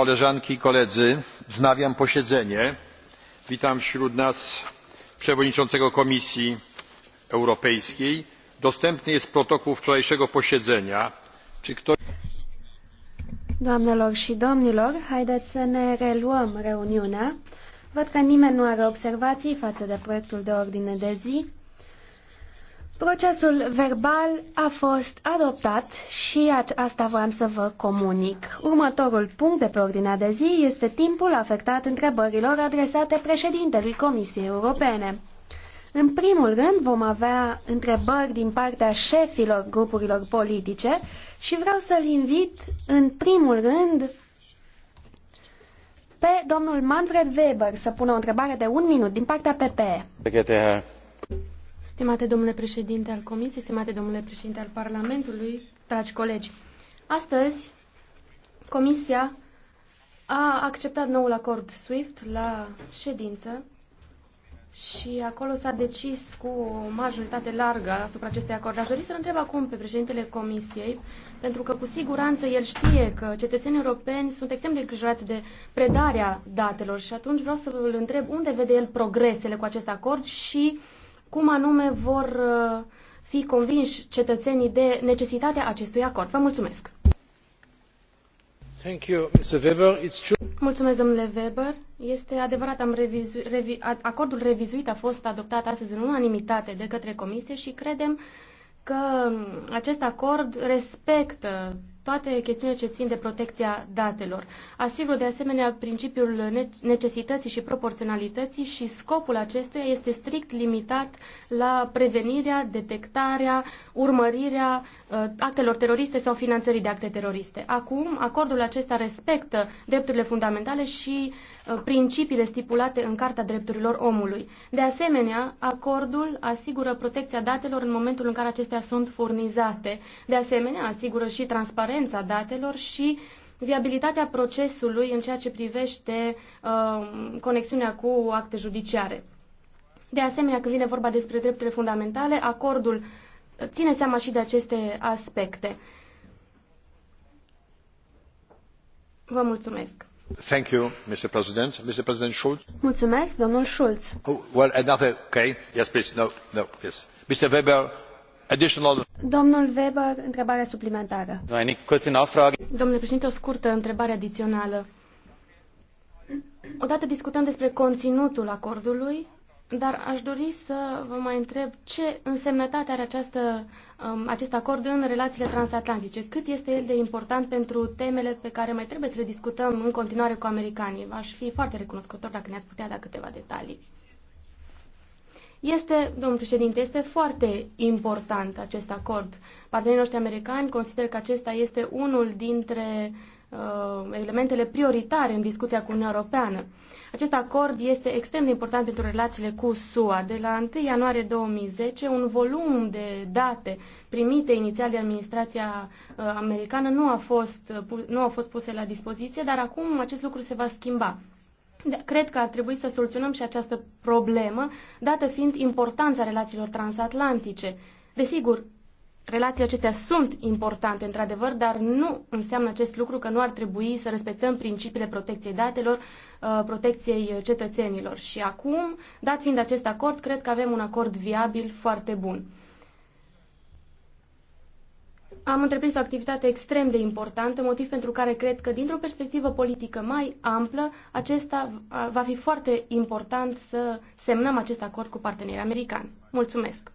koleżanki i koledzy wznawiam posiedzenie. witam wśród nas przewodniczącego komisji europejskiej. dostępny jest protokół wczorajszego posiedzenia. czy ktoś Doamnelor și domnilor, haideți să ne reluăm reuniunea. Văd că nimeni nu are observații față de proiectul de ordine de zi. Procesul verbal a fost adoptat și asta voiam să vă comunic. Următorul punct de pe ordinea de zi este timpul afectat întrebărilor adresate președintelui Comisiei Europene. În primul rând vom avea întrebări din partea șefilor grupurilor politice și vreau să-l invit în primul rând pe domnul Manfred Weber să pună o întrebare de un minut din partea PPE. Stimate domnule președinte al Comisiei, stimate domnule președinte al Parlamentului, dragi colegi, astăzi Comisia a acceptat noul acord SWIFT la ședință și acolo s-a decis cu o majoritate largă asupra acestui acord. Aș dori să întreb acum pe președintele Comisiei, pentru că cu siguranță el știe că cetățenii europeni sunt extrem de îngrijorați de predarea datelor și atunci vreau să îl întreb unde vede el progresele cu acest acord și uh, cum anume vor uh, fi convinși cetățenii de necesitatea acestui acord. Vă mulțumesc! Thank you, Mr. Weber. It's true. Mulțumesc, domnule Weber. Este adevărat, am revizu, revi, acordul revizuit a fost adoptat astăzi în unanimitate de către Comisie și credem că um, acest acord respectă toate chestiunile ce țin de protecția datelor. Asigur de asemenea principiul necesității și proporționalității și scopul acestuia este strict limitat la prevenirea, detectarea, urmărirea uh, actelor teroriste sau finanțării de acte teroriste. Acum, acordul acesta respectă drepturile fundamentale și uh, principiile stipulate în Carta Drepturilor Omului. De asemenea, acordul asigură protecția datelor în momentul în care acestea sunt furnizate. De asemenea, asigură și transparență transparența datelor și viabilitatea procesului în ceea ce privește uh, conexiunea cu acte judiciare. De asemenea, când vine vorba despre drepturile fundamentale, acordul ține seama și de aceste aspecte. Vă mulțumesc. Thank you, Mr. President. Mr. President Schulz. Mulțumesc, domnul Schulz. Oh, well, another, okay. Yes, please. No, no, yes. Mr. Weber, Weber, întrebare suplimentară. Domnule președinte, o scurtă întrebare adițională. Odată discutăm despre conținutul acordului, dar aș dori să vă mai întreb ce însemnătate are această, um, acest acord în relațiile transatlantice. Cât este el de important pentru temele pe care mai trebuie să le discutăm în continuare cu americanii? V-aș fi foarte recunoscător dacă ne-ați putea da câteva detalii. Este, domnul președinte, este foarte important acest acord. Partenerii noștri americani consideră că acesta este unul dintre uh, elementele prioritare în discuția cu Uniunea Europeană. Acest acord este extrem de important pentru relațiile cu SUA. De la 1 ianuarie 2010, un volum de date primite inițial de administrația uh, americană nu a, fost, nu a fost puse la dispoziție, dar acum acest lucru se va schimba. Cred că ar trebui să soluționăm și această problemă, dată fiind importanța relațiilor transatlantice. Desigur, relațiile acestea sunt importante, într-adevăr, dar nu înseamnă acest lucru că nu ar trebui să respectăm principiile protecției datelor, uh, protecției cetățenilor. Și acum, dat fiind acest acord, cred că avem un acord viabil foarte bun. Am întreprins o activitate extrem de importantă, motiv pentru care cred că, dintr-o perspectivă politică mai amplă, acesta va fi foarte important să semnăm acest acord cu partenerii americani. Mulțumesc!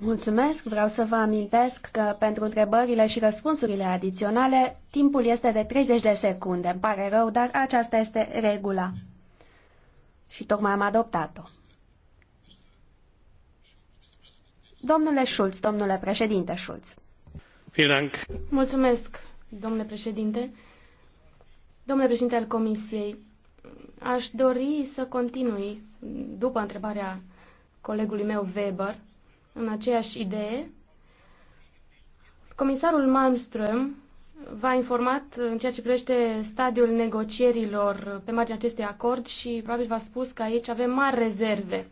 Mulțumesc! Vreau să vă amintesc că pentru întrebările și răspunsurile adiționale, timpul este de 30 de secunde. Îmi pare rău, dar aceasta este regula. Și tocmai am adoptat-o. Domnule Schulz, domnule președinte Schulz. Mulțumesc, domnule președinte. Domnule președinte al Comisiei, aș dori să continui după întrebarea colegului meu Weber în aceeași idee. Comisarul Malmström v-a informat în ceea ce privește stadiul negocierilor pe marginea acestui acord și probabil v-a spus că aici avem mari rezerve.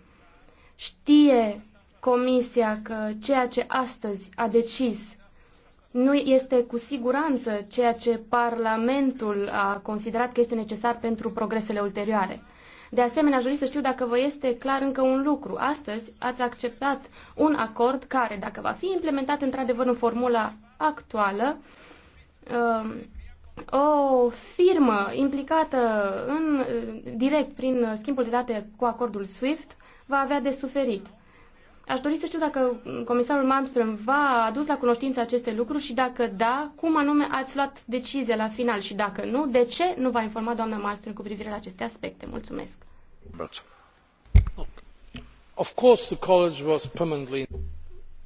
Știe Comisia că ceea ce astăzi a decis nu este cu siguranță ceea ce Parlamentul a considerat că este necesar pentru progresele ulterioare. De asemenea, aș dori să știu dacă vă este clar încă un lucru. Astăzi ați acceptat un acord care, dacă va fi implementat într-adevăr în formula actuală, um, o firmă implicată în, direct prin schimbul de date cu acordul SWIFT va avea de suferit. Aș dori să știu dacă comisarul Malmström va adus la cunoștință aceste lucruri și dacă da, cum anume ați luat decizia la final și dacă nu, de ce nu va informa doamna Malmström cu privire la aceste aspecte? Mulțumesc. Of course the college was permanently...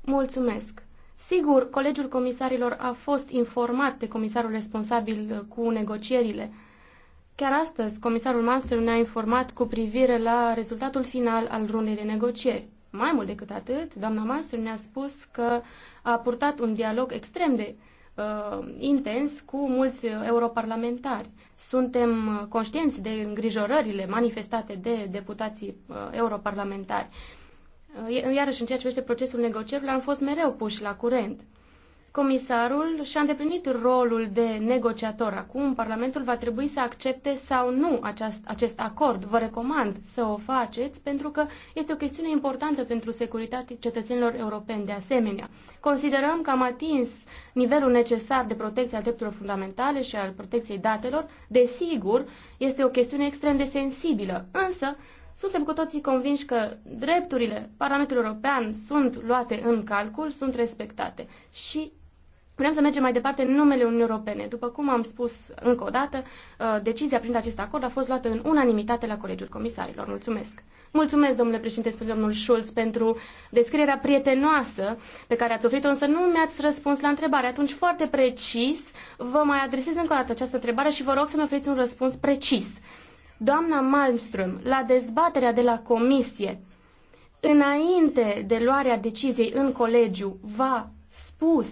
Mulțumesc. Sigur, Colegiul Comisarilor a fost informat de comisarul responsabil cu negocierile. Chiar astăzi, comisarul Malmström ne-a informat cu privire la rezultatul final al rundei de negocieri. Mai mult decât atât, doamna Malmström ne-a spus că a purtat un dialog extrem de uh, intens cu mulți europarlamentari. Suntem conștienți de îngrijorările manifestate de deputații uh, europarlamentari. Uh, iarăși, în ceea ce privește procesul negocierilor, am fost mereu puși la curent. Uh, Comisarul și-a îndeplinit rolul de negociator. Acum Parlamentul va trebui să accepte sau nu aceast, acest acord. Vă recomand să o faceți pentru că este o chestiune importantă pentru securitatea cetățenilor europeni de asemenea. Considerăm că am atins nivelul necesar de protecție a drepturilor fundamentale și al protecției datelor. Desigur, este o chestiune extrem de sensibilă, însă suntem cu toții convinși că drepturile Parlamentului European sunt luate în calcul, sunt respectate și Punem să mergem mai departe în numele Uniunii Europene. După cum am spus încă o dată, uh, decizia prin acest acord a fost luată în unanimitate la Colegiul Comisarilor. Mulțumesc! Mulțumesc, domnule președinte, spre domnul Schulz, pentru descrierea prietenoasă pe care ați oferit-o, însă nu mi-ați răspuns la întrebare. Atunci, foarte precis, vă mai adresez încă o dată această întrebare și vă rog să-mi oferiți un răspuns precis. Doamna Malmström, la dezbaterea de la comisie, înainte de luarea deciziei în colegiu, v-a spus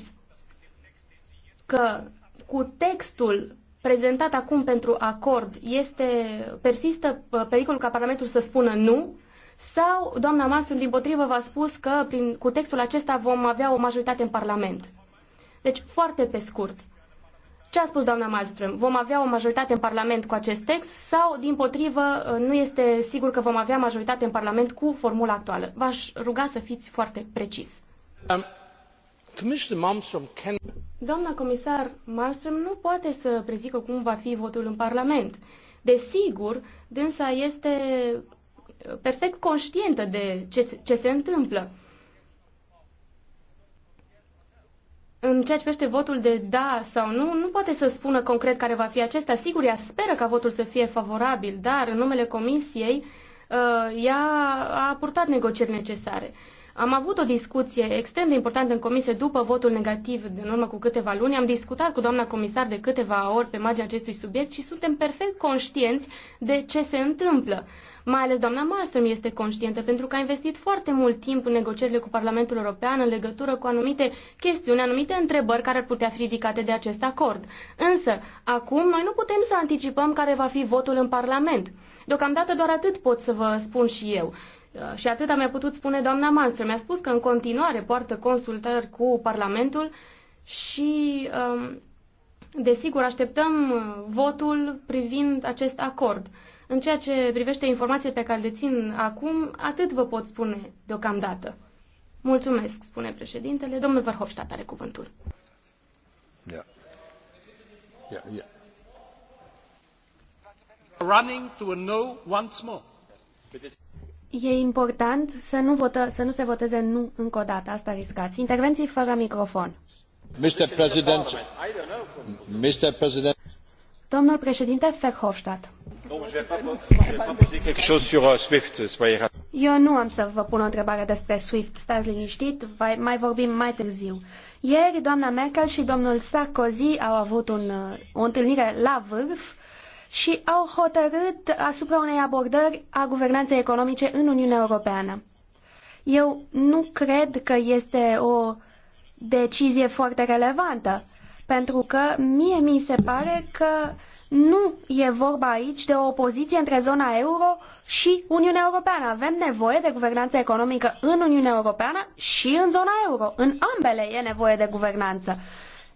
că cu textul prezentat acum pentru acord este, persistă uh, pericolul ca Parlamentul să spună nu? Sau doamna Manson din potrivă v-a spus că prin, cu textul acesta vom avea o majoritate în Parlament? Deci, foarte pe scurt, ce a spus doamna Malmström? Vom avea o majoritate în Parlament cu acest text sau, din potrivă, uh, nu este sigur că vom avea majoritate în Parlament cu formula actuală? V-aș ruga să fiți foarte precis. Um, Doamna comisar Malmström nu poate să prezică cum va fi votul în Parlament. Desigur, dânsa este uh, perfect conștientă de ce, ce se întâmplă. În ceea ce privește votul de da sau nu, nu poate să spună concret care va fi acesta. Sigur, ea speră ca votul să fie favorabil, dar în numele comisiei uh, ea a purtat negocieri necesare. Am avut o discuție extrem de importantă în comisie după votul negativ din urmă cu câteva luni. Am discutat cu doamna comisar de câteva ori pe marginea acestui subiect și suntem perfect conștienți de ce se întâmplă. Mai ales doamna Malmström este conștientă pentru că a investit foarte mult timp în negocierile cu Parlamentul European în legătură cu anumite chestiuni, anumite întrebări care ar putea fi ridicate de acest acord. Însă, acum noi nu putem să anticipăm care va fi votul în Parlament. Deocamdată doar atât pot să vă spun și eu. Și atât mi-a putut spune doamna Manstră. Mi-a spus că în continuare poartă consultări cu Parlamentul și, um, desigur, așteptăm votul privind acest acord. În ceea ce privește informații pe care le țin acum, atât vă pot spune deocamdată. Mulțumesc, spune președintele. Domnul Verhofstadt are cuvântul. Yeah. Yeah, yeah. Running to a no once more. E important să nu, votă, să nu se voteze nu încă o dată, asta riscați. Intervenții fără microfon. Mr. President, Mr. President. Domnul președinte Verhofstadt. Euh, Eu nu am să vă pun o întrebare despre SWIFT, stați liniștit, mai vorbim mai târziu. Ieri, doamna Merkel și domnul Sarkozy au avut un, uh, o întâlnire la vârf și au hotărât asupra unei abordări a guvernanței economice în Uniunea Europeană. Eu nu cred că este o decizie foarte relevantă, pentru că mie mi se pare că nu e vorba aici de o opoziție între zona euro și Uniunea Europeană. Avem nevoie de guvernanță economică în Uniunea Europeană și în zona euro. În ambele e nevoie de guvernanță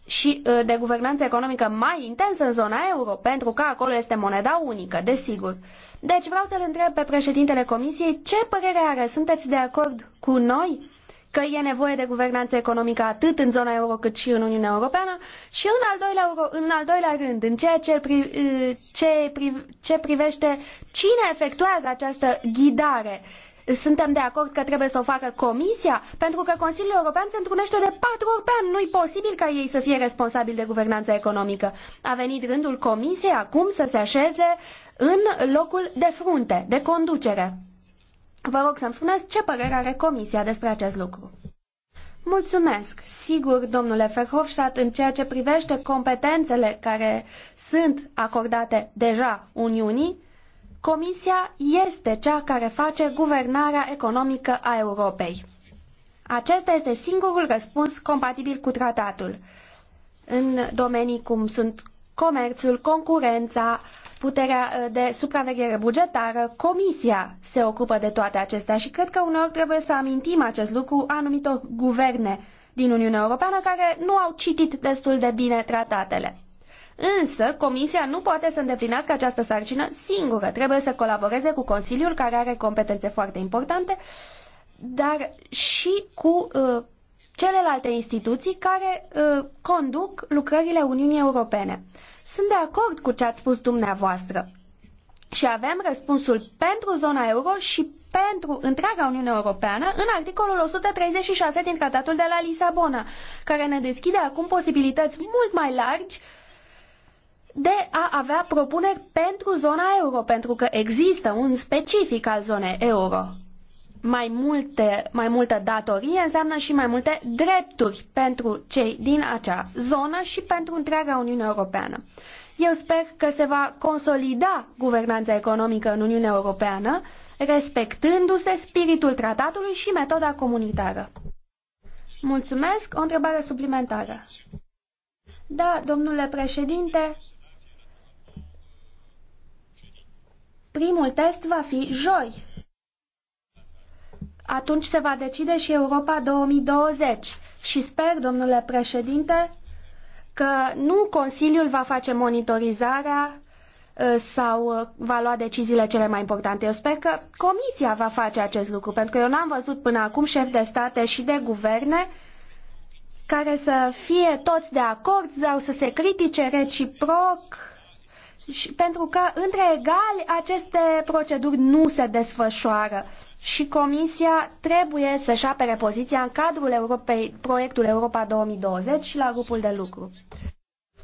și uh, de guvernanță economică mai intensă în zona euro, pentru că acolo este moneda unică, desigur. Deci vreau să-l întreb pe președintele Comisiei ce părere are. Sunteți de acord cu noi că e nevoie de guvernanță economică atât în zona euro cât și în Uniunea Europeană? Și în al doilea, euro, în al doilea rând, în ceea ce, pri, uh, ce, pri, ce privește cine efectuează această ghidare, suntem de acord că trebuie să o facă Comisia, pentru că Consiliul European se întrunește de patru ori pe an. Nu-i posibil ca ei să fie responsabili de guvernanța economică. A venit rândul Comisiei acum să se așeze în locul de frunte, de conducere. Vă rog să-mi spuneți ce părere are Comisia despre acest lucru. Mulțumesc. Sigur, domnule Verhofstadt, în ceea ce privește competențele care sunt acordate deja Uniunii, Comisia este cea care face guvernarea economică a Europei. Acesta este singurul răspuns compatibil cu tratatul. În domenii cum sunt comerțul, concurența, puterea uh, de supraveghere bugetară, Comisia se ocupă de toate acestea și cred că uneori trebuie să amintim acest lucru anumitor guverne din Uniunea Europeană care nu au citit destul de bine tratatele. Însă, Comisia nu poate să îndeplinească această sarcină singură. Trebuie să colaboreze cu Consiliul, care are competențe foarte importante, dar și cu uh, celelalte instituții care uh, conduc lucrările Uniunii Europene. Sunt de acord cu ce ați spus dumneavoastră. Și avem răspunsul pentru zona euro și pentru întreaga Uniune Europeană în articolul 136 din Tratatul de la Lisabona, care ne deschide acum posibilități mult mai largi uh, de a avea propuneri pentru zona euro, pentru că există un specific al zonei euro. Mai, multe, mai multă datorie înseamnă și mai multe drepturi pentru cei din acea zonă și pentru întreaga Uniune Europeană. Eu sper că se va consolida guvernanța economică în Uniunea Europeană, respectându-se spiritul tratatului și metoda comunitară. Mulțumesc. O întrebare suplimentară. Da, domnule președinte, Primul test va fi joi. Atunci se va decide și Europa 2020 și sper, domnule președinte, că nu Consiliul va face monitorizarea ă, sau ă, va lua deciziile cele mai importante. Eu sper că Comisia va face acest lucru, pentru că eu n-am văzut până acum șef de state și de guverne care să fie toți de acord sau să se critique reciproc și pentru că între egali aceste proceduri nu se desfășoară și Comisia trebuie să-și apere poziția în cadrul Europei, proiectul Europa 2020 și la grupul de lucru.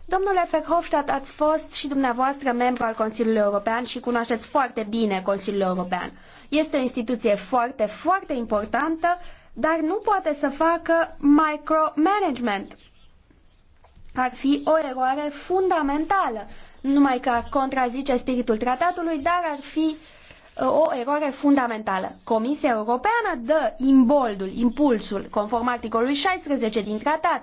Domnule Verhofstadt, ați fost și dumneavoastră membru al Consiliului European și cunoașteți foarte bine Consiliul European. Este o instituție foarte, foarte importantă, dar nu poate să facă micromanagement ar fi o eroare fundamentală, numai că ar contrazice spiritul tratatului, dar ar fi uh, o eroare fundamentală. Comisia Europeană dă imboldul, impulsul, conform articolului 16 din tratat.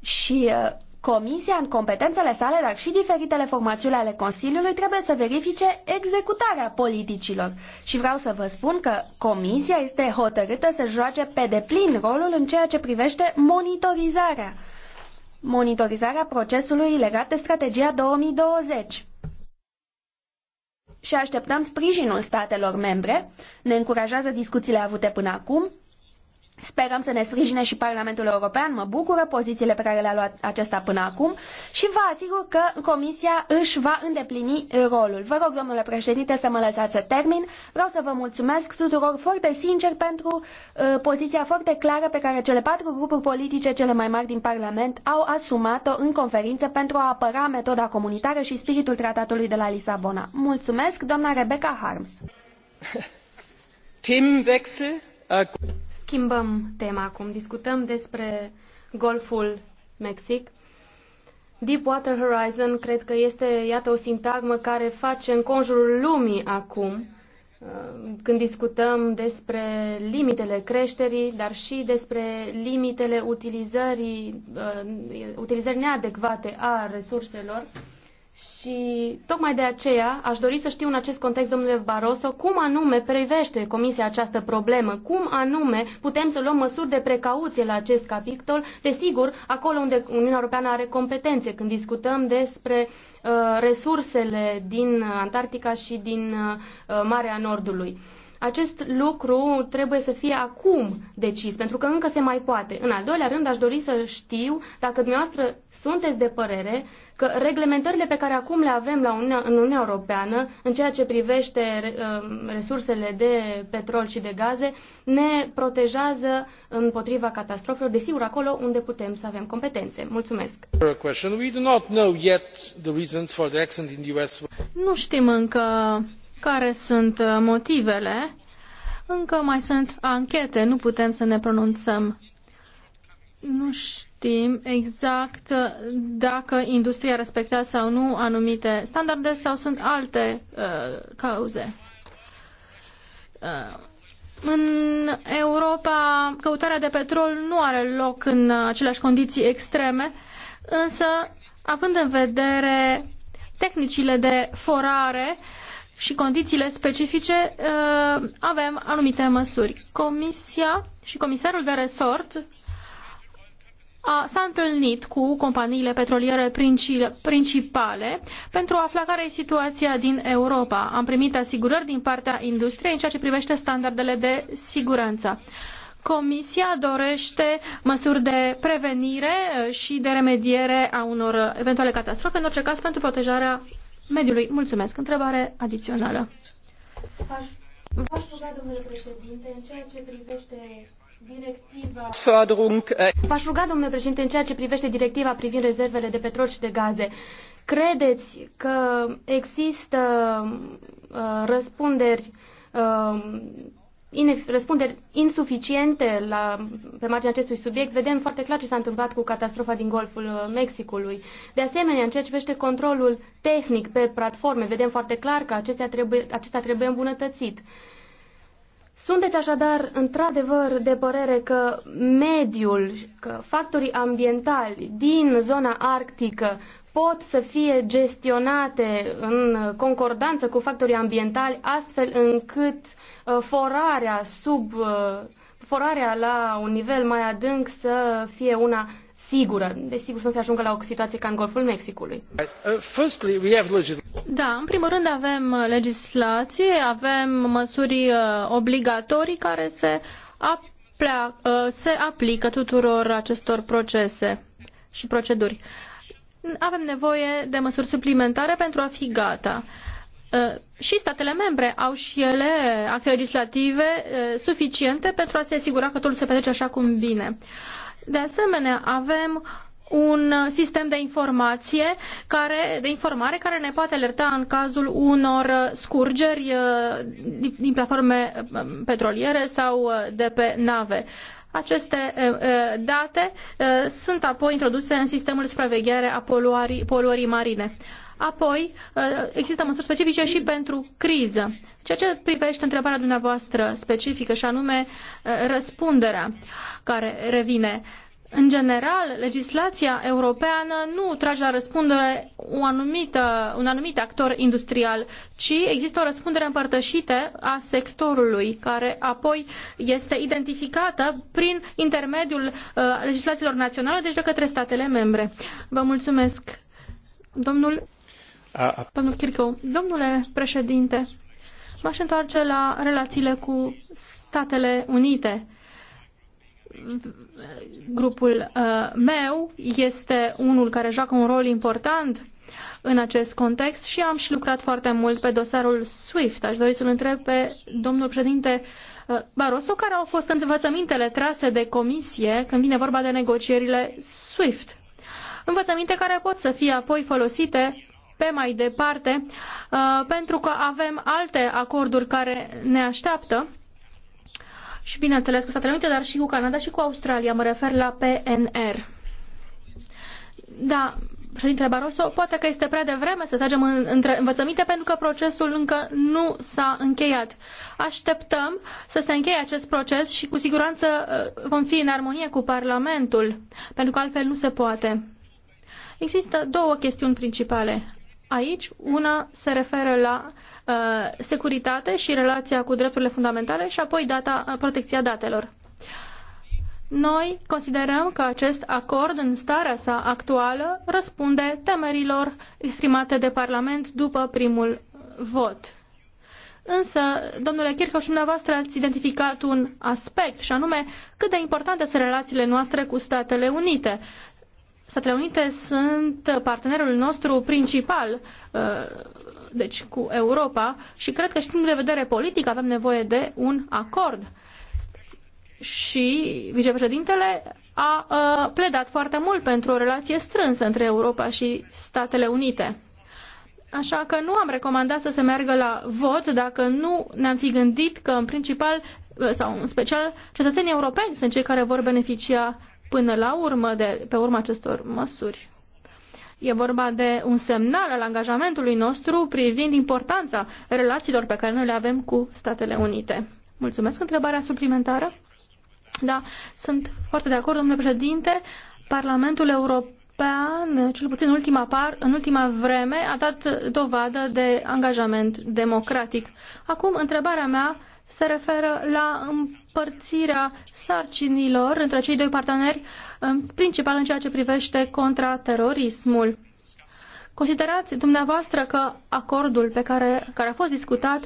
Și uh, Comisia, în competențele sale, dar și diferitele formațiuni ale Consiliului, trebuie să verifice executarea politicilor. Și vreau să vă spun că Comisia este hotărâtă să joace pe deplin rolul în ceea ce privește monitorizarea uh, monitorizarea procesului legat de strategia 2020. Și așteptăm sprijinul statelor membre. Ne încurajează discuțiile avute până acum Sperăm să ne sprijine și Parlamentul European, mă bucură pozițiile pe care le-a luat acesta până acum și vă asigur că Comisia își va îndeplini rolul. Vă rog, domnule președinte, să mă lăsați să termin. Vreau să vă mulțumesc tuturor foarte sincer pentru uh, poziția foarte clară pe care cele patru grupuri politice cele mai mari din Parlament au asumat-o în conferință pentru a apăra metoda comunitară și spiritul tratatului de la Lisabona. Mulțumesc, doamna Rebecca Harms. Themenwechsel. Äh, Schimbăm tema acum. Discutăm despre Golful Mexic. Deepwater Horizon cred că este, iată, o sintagmă care face în conjurul lumii acum, uh, când discutăm despre limitele creșterii, dar și despre limitele utilizării, uh, utilizării neadecvate a resurselor și tocmai de aceea aș dori să știu în acest context, domnule Barroso, cum anume privește Comisia această problemă, cum anume putem să luăm măsuri de precauție la acest capitol, desigur, acolo unde Uniunea Europeană are competențe, când discutăm despre uh, resursele din Antarctica și din uh, Marea Nordului. Uh, acest lucru trebuie să fie acum decis, pentru că încă se mai poate. În al doilea rând, aș dori să știu dacă dumneavoastră sunteți de părere că reglementările pe care acum le avem la Uniunea, în Uniunea Europeană, în ceea ce privește uh, resursele de petrol și de gaze, ne protejează împotriva catastrofelor, desigur, acolo unde putem să avem competențe. Mulțumesc! Nu știm încă care sunt uh, motivele. Încă mai sunt anchete, nu putem să ne pronunțăm. Nu știm exact uh, dacă industria respectă sau nu anumite standarde sau sunt alte uh, cauze. Uh, în Europa, căutarea de petrol nu are loc în aceleași condiții extreme, însă, având în vedere tehnicile de forare, uh, și condițiile specifice, uh, avem anumite măsuri. Comisia și comisarul de resort s-a întâlnit cu companiile petroliere principale pentru a afla care e situația din Europa. Am primit asigurări din partea industriei în ceea ce privește standardele de siguranță. Comisia dorește măsuri de prevenire și de remediere a unor eventuale catastrofe, în orice caz pentru protejarea mediului. Mulțumesc. Întrebare adițională. V-aș ruga, domnule președinte, în ceea ce privește directiva... Äh, v-aș ruga, domnule președinte, în ceea ce privește directiva privind rezervele de petrol și de gaze, credeți că există uh, răspunderi uh, răspunderi insuficiente la, pe marginea acestui subiect. Vedem foarte clar ce s-a întâmplat cu catastrofa din Golful uh, Mexicului. De asemenea, în ceea ce privește controlul tehnic pe platforme, vedem foarte clar că acestea trebuie, acesta trebuie îmbunătățit. Sunteți așadar, într-adevăr, de părere că mediul, că factorii ambientali din zona arctică pot să fie gestionate în concordanță cu factorii ambientali, astfel încât Uh, forarea sub uh, forarea la un nivel mai adânc să fie una sigură, desigur să nu se ajungă la o situație ca în Golful Mexicului. Uh, da, în primul rând avem legislație, avem măsuri obligatorii care se, aplea, se aplică tuturor acestor procese și proceduri. Avem nevoie de măsuri suplimentare pentru a fi gata. Uh, și statele membre au și ele acte legislative uh, suficiente pentru a se asigura că totul se petrece așa cum vine. De asemenea, avem un sistem de informație care, de informare care ne poate alerta în cazul unor scurgeri uh, din platforme um, petroliere sau de pe nave. Aceste date sunt apoi introduse în sistemul de supraveghere a poluării marine. Apoi, uh, există măsuri specifice și pentru criză. Ceea ce privește întrebarea dumneavoastră specifică și anume uh, răspunderea care revine. În general, legislația europeană nu trage la răspundere o anumită, un anumit actor industrial, ci există o răspundere împărtășită a sectorului, care apoi este identificată prin intermediul uh, legislațiilor naționale, deci de către statele membre. Vă mulțumesc, domnul Domnul Kirchhoff, domnule președinte, m-aș întoarce la relațiile cu Statele Unite. Grupul uh, meu este unul care joacă un rol important în acest context și am și lucrat foarte mult pe dosarul SWIFT. Aș dori să-l întreb pe domnul președinte uh, Barroso care au fost învățămintele trase de comisie când vine vorba de negocierile SWIFT. Învățăminte care pot să fie apoi folosite pe mai departe, uh, pentru că avem alte acorduri care ne așteaptă și, bineînțeles, cu Statele Unite, dar și cu Canada și cu Australia. Mă refer la PNR. Da, președintele Barroso, poate că este prea devreme să tragem în, între învățăminte pentru că procesul încă nu s-a încheiat. Așteptăm să se încheie acest proces și cu siguranță uh, vom fi în armonie cu Parlamentul, pentru că altfel nu se poate. Există două chestiuni principale aici. Una se referă la uh, securitate și relația cu drepturile fundamentale și apoi data, uh, protecția datelor. Noi considerăm că acest acord în starea sa actuală răspunde temerilor exprimate de Parlament după primul vot. Însă, domnule Kirchhoff, dumneavoastră ați identificat un aspect, și anume cât de importante sunt relațiile noastre cu Statele Unite. Statele Unite sunt partenerul nostru principal, uh, deci cu Europa, și cred că și din de vedere politic avem nevoie de un acord. Și vicepreședintele a uh, pledat foarte mult pentru o relație strânsă între Europa și Statele Unite. Așa că nu am recomandat să se meargă la vot dacă nu ne-am fi gândit că în principal uh, sau în special cetățenii europeni sunt cei care vor beneficia până la urmă, de, pe urma acestor măsuri. E vorba de un semnal al angajamentului nostru privind importanța relațiilor pe care noi le avem cu Statele Unite. Mulțumesc. Întrebarea suplimentară? Da, sunt foarte de acord, domnule președinte. Parlamentul European, cel puțin în ultima, par, în ultima vreme, a dat dovadă de angajament democratic. Acum, întrebarea mea se referă la împărțirea sarcinilor între cei doi parteneri, în principal în ceea ce privește contraterorismul. Considerați dumneavoastră că acordul pe care, care a fost discutat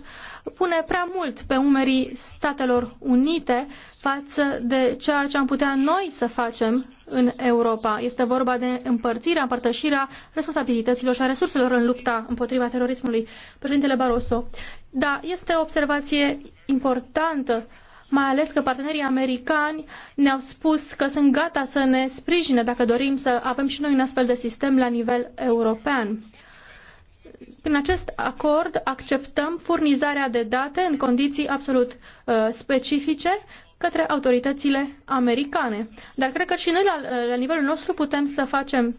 pune prea mult pe umerii Statelor Unite față de ceea ce am putea noi să facem în Europa. Este vorba de împărțirea, împărtășirea responsabilităților și a resurselor în lupta împotriva terorismului. Președintele Barroso, da, este o observație importantă mai ales că partenerii americani ne-au spus că sunt gata să ne sprijine dacă dorim să avem și noi un astfel de sistem la nivel european. Prin acest acord acceptăm furnizarea de date în condiții absolut uh, specifice către autoritățile americane. Dar cred că și noi la, la nivelul nostru putem să facem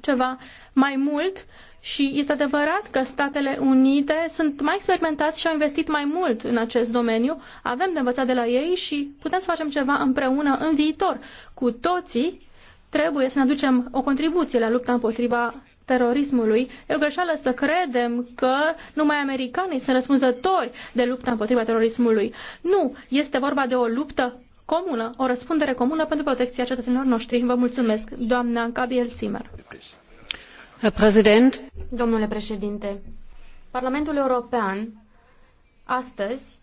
ceva mai mult uh, și este adevărat că Statele Unite sunt mai experimentați și au investit mai mult în acest domeniu. Avem de învățat de la ei și putem să facem ceva împreună în viitor. Cu toții trebuie să ne aducem o contribuție la lupta împotriva terorismului. E o greșeală să credem că numai americanii sunt răspunzători de lupta împotriva terorismului. Nu, este vorba de o luptă comună, o răspundere comună pentru protecția cetățenilor noștri. Vă mulțumesc, doamna Gabriel Zimmer. Domnule președinte, Parlamentul European astăzi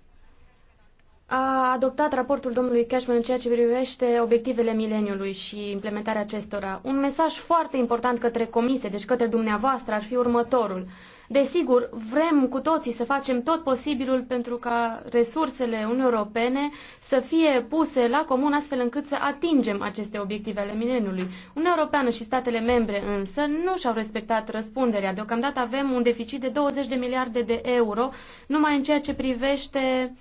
a adoptat raportul domnului Cashman în ceea ce privete obiectivele mileniului și implementarea acestora. Un mesaj foarte important către comisie, deci către dumneavoastră, ar fi următorul. Desigur, vrem cu toții să facem tot posibilul pentru ca resursele Uniunii Europene să fie puse la comun astfel încât să atingem aceste obiective ale mileniului. Uniunea Europeană și statele membre însă nu și-au respectat răspunderea. Deocamdată avem un deficit de 20 de miliarde de euro numai în ceea ce privește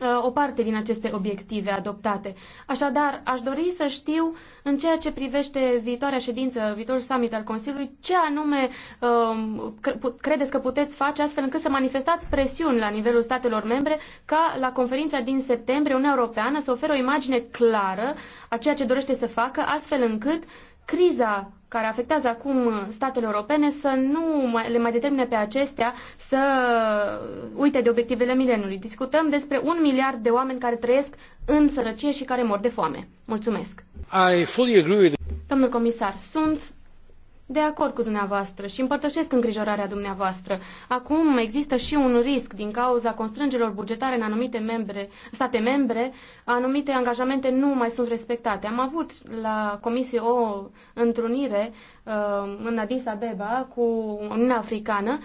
Uh, o parte din aceste obiective adoptate. Așadar, aș dori să știu, în ceea ce privește viitoarea ședință, viitorul summit al Consiliului, ce anume um, credeți că puteți face astfel încât să manifestați presiuni la nivelul statelor membre ca la conferința din septembrie Uniunea Europeană să ofere o imagine clară a ceea ce dorește să facă, astfel încât criza care afectează acum statele europene să nu le mai determine pe acestea să uite de obiectivele mileniului. Discutăm despre un miliard de oameni care trăiesc în sărăcie și care mor de foame. Mulțumesc! I fully agree with... Domnul comisar, sunt de acord cu dumneavoastră și împărtășesc îngrijorarea dumneavoastră. Acum există și un risc din cauza constrângerilor bugetare în anumite membre, state membre, anumite angajamente nu mai sunt respectate. Am avut la comisie o întrunire uh, în Addis Abeba cu Uniunea Africană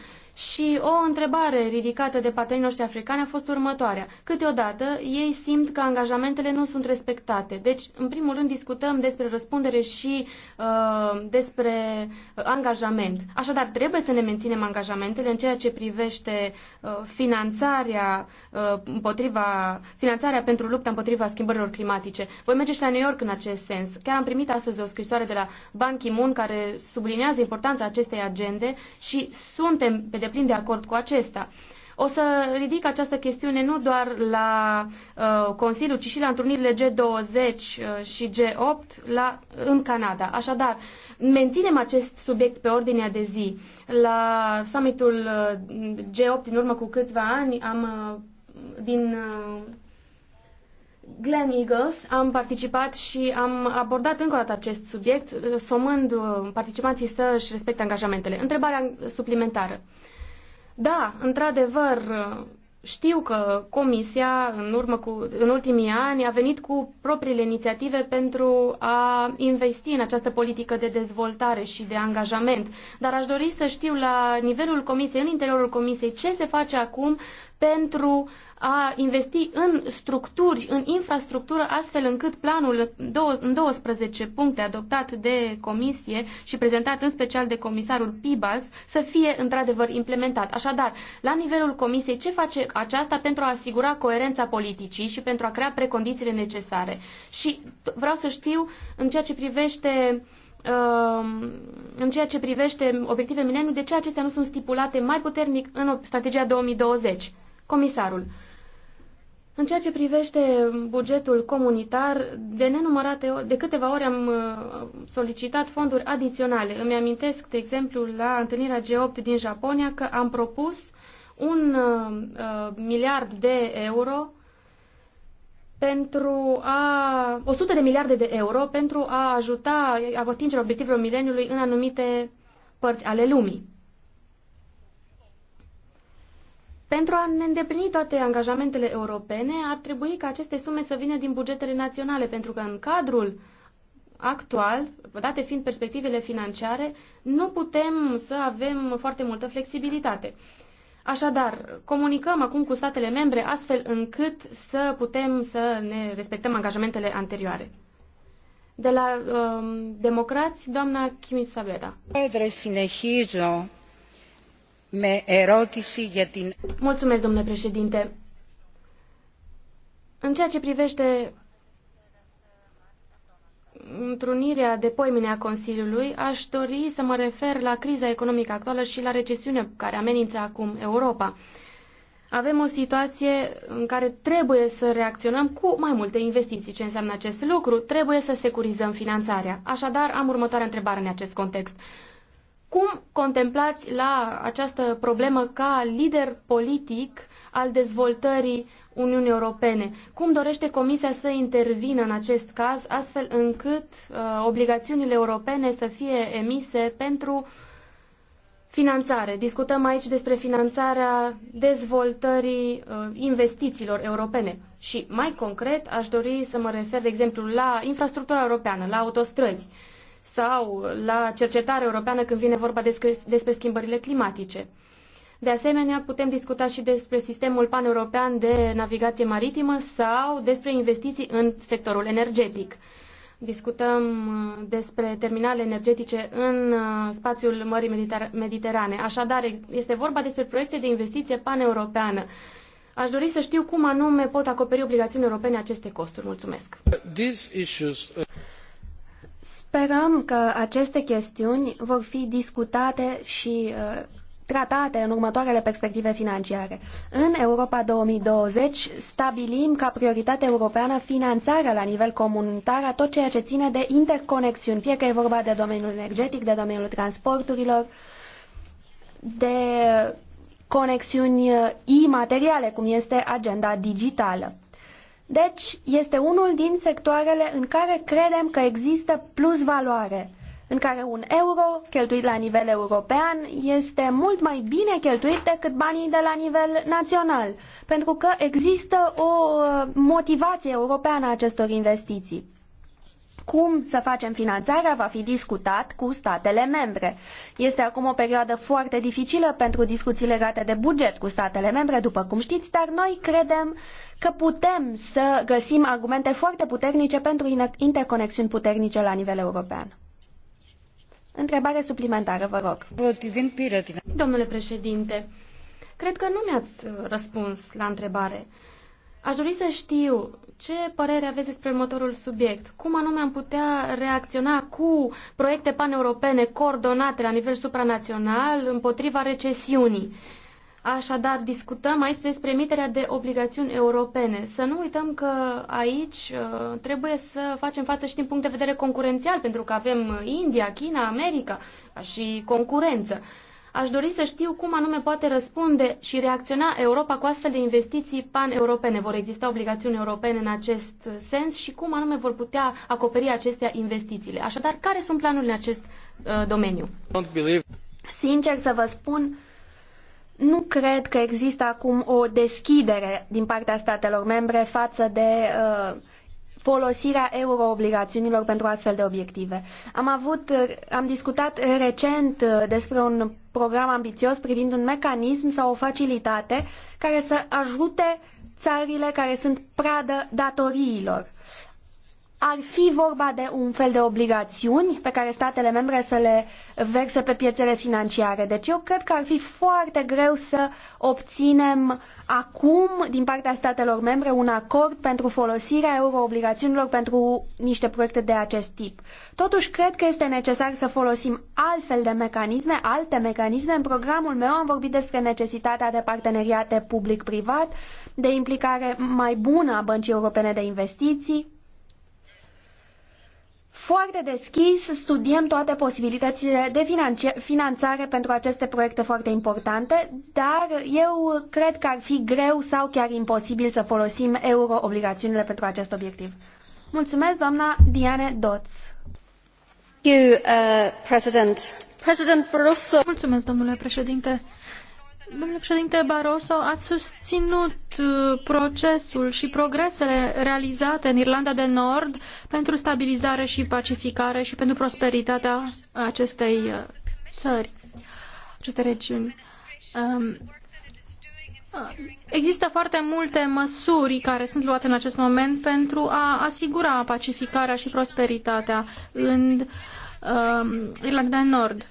și o întrebare ridicată de patenii noștri africani a fost următoarea. Câteodată ei simt că angajamentele nu sunt respectate. Deci, în primul rând, discutăm despre răspundere și uh, despre uh, angajament. Așadar, trebuie să ne menținem angajamentele în ceea ce privește uh, finanțarea, uh, împotriva, finanțarea pentru lupta împotriva schimbărilor climatice. Voi merge și la New York în acest sens. Chiar am primit astăzi o scrisoare de la Ban Ki-moon care sublinează importanța acestei agende și suntem pe de deplin de acord cu acesta. O să ridic această chestiune nu doar la uh, Consiliu, ci și la întrunirile G20 uh, și G8 la, în Canada. Așadar, menținem acest subiect pe ordinea de zi. La summitul uh, G8 din urmă cu câțiva ani am uh, din uh, Glen Eagles am participat și am abordat încă o dată acest subiect, uh, somând participanții să își respecte angajamentele. Întrebarea suplimentară. Uh, da, într-adevăr, știu că Comisia, în, urmă cu, în ultimii ani, a venit cu propriile inițiative pentru a investi în această politică de dezvoltare și de angajament. Dar aș dori să știu la nivelul Comisiei, în interiorul Comisiei, ce se face acum pentru a investi în structuri, în infrastructură, astfel încât planul în 12 puncte adoptat de comisie și prezentat în special de comisarul Pibals să fie într-adevăr implementat. Așadar, la nivelul comisiei, ce face aceasta pentru a asigura coerența politicii și pentru a crea precondițiile necesare? Și vreau să știu, în ceea ce privește um, în ceea ce privește obiectivele mileniu de ce acestea nu sunt stipulate mai puternic în strategia 2020? Comisarul, în ceea ce privește bugetul comunitar, de nenumărate de câteva ori am uh, solicitat fonduri adiționale. Îmi amintesc, de exemplu, la întâlnirea G8 din Japonia că am propus un uh, uh miliard de euro pentru a 100 de miliarde de euro pentru a ajuta atingerea obiectivelor mileniului în anumite părți ale lumii. Pentru a ne îndeplini toate angajamentele europene, ar trebui ca aceste sume să vină din bugetele naționale, pentru că în cadrul actual, date fiind perspectivele financiare, nu putem să avem foarte multă flexibilitate. Așadar, comunicăm acum cu statele membre astfel încât să putem să ne respectăm angajamentele anterioare. De la um, democrați, doamna Kimi Sabeda. Mulțumesc, domnule președinte. În ceea ce privește întrunirea de poimâine a Consiliului, aș dori să mă refer la criza economică actuală și la recesiunea care amenință acum Europa. Avem o situație în care trebuie să reacționăm cu mai multe investiții. Ce înseamnă acest lucru? Trebuie să securizăm finanțarea. Așadar, am următoarea întrebare în acest context. Cum contemplați la această problemă ca lider politic al dezvoltării Uniunii Europene? Cum dorește Comisia să intervină în acest caz, astfel încât uh, obligațiunile europene să fie emise pentru finanțare? Discutăm aici despre finanțarea dezvoltării uh, investițiilor europene. Și mai concret, aș dori să mă refer, de exemplu, la infrastructura europeană, la autostrăzi. Uh, sau la cercetare europeană când vine vorba despre schimbările climatice. De asemenea, putem discuta și despre sistemul paneuropean de navigație maritimă sau despre investiții în sectorul energetic. Discutăm uh, despre terminale energetice în uh, spațiul Mării Mediter Mediterane. Așadar, este vorba despre proiecte de investiție paneuropeană. Aș dori să știu cum anume pot acoperi obligațiunile europene aceste costuri. Mulțumesc. Uh, Sperăm că aceste chestiuni vor fi discutate și uh, tratate în următoarele perspective financiare. În Europa 2020 stabilim ca prioritate europeană finanțarea la nivel comunitar a tot ceea ce ține de interconexiuni, fie că e vorba de domeniul energetic, de domeniul transporturilor, de conexiuni uh, imateriale, cum este agenda digitală. Deci, este unul din sectoarele în care credem că există plus valoare, în care un euro cheltuit la nivel european este mult mai bine cheltuit decât banii de la nivel național, pentru că există o uh, motivație europeană a acestor investiții. Cum să facem finanțarea va fi discutat cu statele membre. Este acum o perioadă foarte dificilă pentru discuții legate de buget cu statele membre, după cum știți, dar noi credem că putem să găsim argumente foarte puternice pentru interconexiuni puternice la nivel european. Întrebare suplimentară, vă rog. Domnule președinte, cred că nu mi-ați răspuns la întrebare. Aș dori să știu ce părere aveți despre următorul subiect. Cum anume am putea reacționa cu proiecte paneuropene coordonate la nivel supranațional împotriva recesiunii? Așadar, discutăm aici despre emiterea de obligațiuni europene. Să nu uităm că aici uh, trebuie să facem față și din punct de vedere concurențial, pentru că avem India, China, America și concurență. Aș dori să știu cum anume poate răspunde și reacționa Europa cu astfel de investiții pan-europene. Vor exista obligațiuni europene în acest sens și cum anume vor putea acoperi acestea investițiile. Așadar, care sunt planurile în acest uh, domeniu? Sincer să vă spun, nu cred că există acum o deschidere din partea statelor membre față de uh, folosirea euroobligațiunilor pentru astfel de obiective. Am, avut, am discutat recent uh, despre un program ambițios privind un mecanism sau o facilitate care să ajute țările care sunt pradă datoriilor ar fi vorba de un fel de obligațiuni pe care statele membre să le verse pe piețele financiare. Deci eu cred că ar fi foarte greu să obținem acum din partea statelor membre un acord pentru folosirea euroobligațiunilor pentru niște proiecte de acest tip. Totuși cred că este necesar să folosim altfel de mecanisme, alte mecanisme. În programul meu am vorbit despre necesitatea de parteneriate public-privat, de implicare mai bună a Băncii Europene de Investiții, foarte deschis, studiem toate posibilitățile de finanțare pentru aceste proiecte foarte importante, dar eu cred că ar fi greu sau chiar imposibil să folosim euroobligațiunile pentru acest obiectiv. Mulțumesc, doamna Diane Doț. Uh, Mulțumesc, domnule președinte. Domnule președinte Barroso, ați susținut uh, procesul și progresele realizate în Irlanda de Nord pentru stabilizare și pacificare și pentru prosperitatea acestei uh, țări, acestei regiuni. Um, uh, există foarte multe măsuri care sunt luate în acest moment pentru a asigura pacificarea și prosperitatea în um, Irlanda de Nord.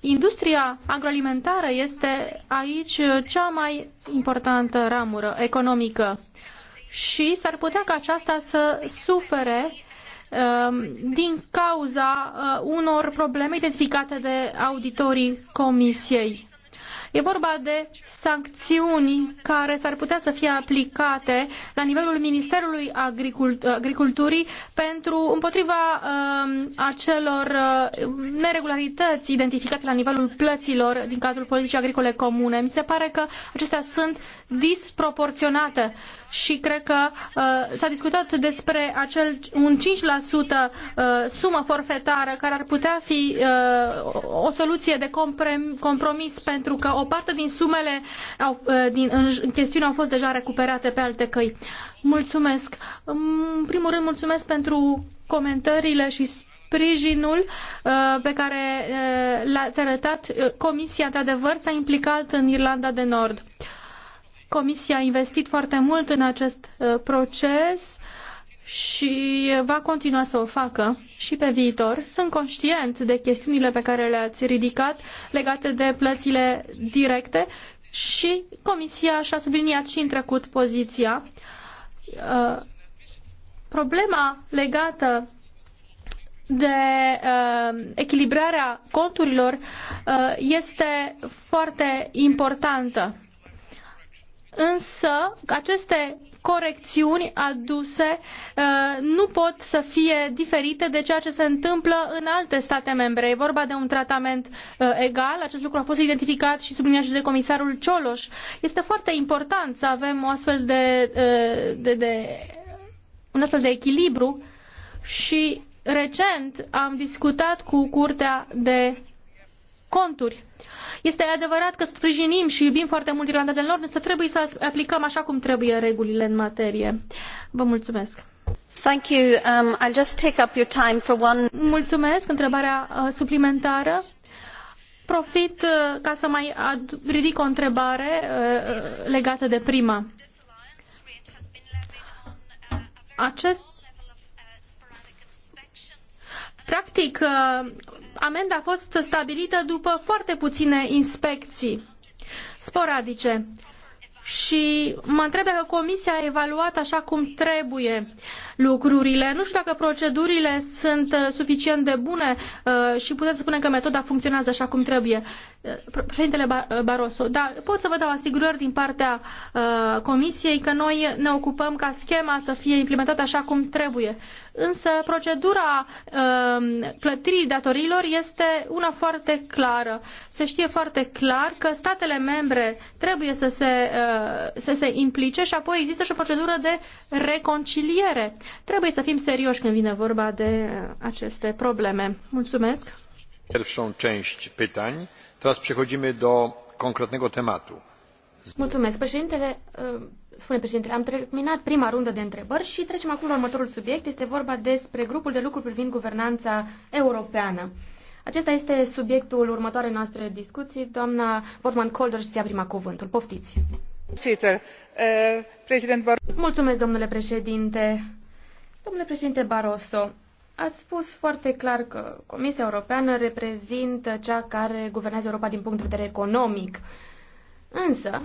Industria agroalimentară este aici cea mai importantă ramură economică și s-ar putea ca aceasta să sufere um, din cauza uh, unor probleme identificate de auditorii Comisiei. E vorba de sancțiuni care s-ar putea să fie aplicate la nivelul Ministerului Agriculturii pentru împotriva uh, acelor uh, neregularități identificate la nivelul plăților din cadrul politicii agricole comune. Mi se pare că acestea sunt disproporționate și cred că uh, s-a discutat despre acel un 5% uh, sumă forfetară care ar putea fi uh, o soluție de compromis pentru că o parte din sumele au, uh, din, în chestiune au fost deja recuperate pe alte căi. Mulțumesc. În primul rând mulțumesc pentru comentariile și sprijinul uh, pe care uh, l-ați arătat. Comisia, de adevăr s-a implicat în Irlanda de Nord. Uh, Comisia a investit foarte mult în acest uh, proces și va continua să o facă și pe viitor. Sunt conștient de chestiunile pe care le-ați ridicat legate de plățile directe și Comisia și-a subliniat și în trecut poziția. Uh, problema legată de uh, echilibrarea conturilor este foarte importantă însă aceste corecțiuni aduse uh, nu pot să fie diferite de ceea ce se întâmplă în alte state membre. E vorba de un tratament uh, egal, acest lucru a fost identificat și subliniat și de comisarul Cioloș. Este foarte important să avem o astfel de, uh, de, de un astfel de echilibru și recent am discutat cu Curtea de Conturi este adevărat că sprijinim și iubim foarte mult Irlanda de Nord, însă trebuie să aplicăm așa cum trebuie regulile în materie. Vă mulțumesc. Thank you. Um, I'll just take up your time for one... Mulțumesc. Întrebarea uh, suplimentară profit uh, ca să mai ridic o întrebare uh, uh, legată de prima. Acest Practic, amenda a fost stabilită după foarte puține inspecții sporadice. Și mă întreb dacă comisia a evaluat așa cum trebuie lucrurile. Nu știu dacă procedurile sunt suficient de bune uh, și putem spune că metoda funcționează așa cum trebuie președintele Barroso, da, pot să vă dau asigurări din partea uh, Comisiei că noi ne ocupăm ca schema să fie implementată așa cum trebuie. Însă procedura uh, plătirii datorilor este una foarte clară. Se știe foarte clar că statele membre trebuie să se, uh, să se implice și apoi există și o procedură de reconciliere. Trebuie să fim serioși când vine vorba de uh, aceste probleme. Mulțumesc! Pierwszą część pytań Teraz przechodzimy do concretnego tematu. Mulțumesc, ă, Spune președintele, am terminat prima rundă de întrebări și trecem acum la următorul subiect. Este vorba despre grupul de lucru privind guvernanța europeană. Acesta este subiectul următoarei noastre discuții. Doamna Vorman Colder și ți-a prima cuvântul. Poftiți. Ă, Mulțumesc, domnule președinte. Domnule președinte Barroso, Ați spus foarte clar că Comisia Europeană reprezintă cea care guvernează Europa din punct de vedere economic. Însă,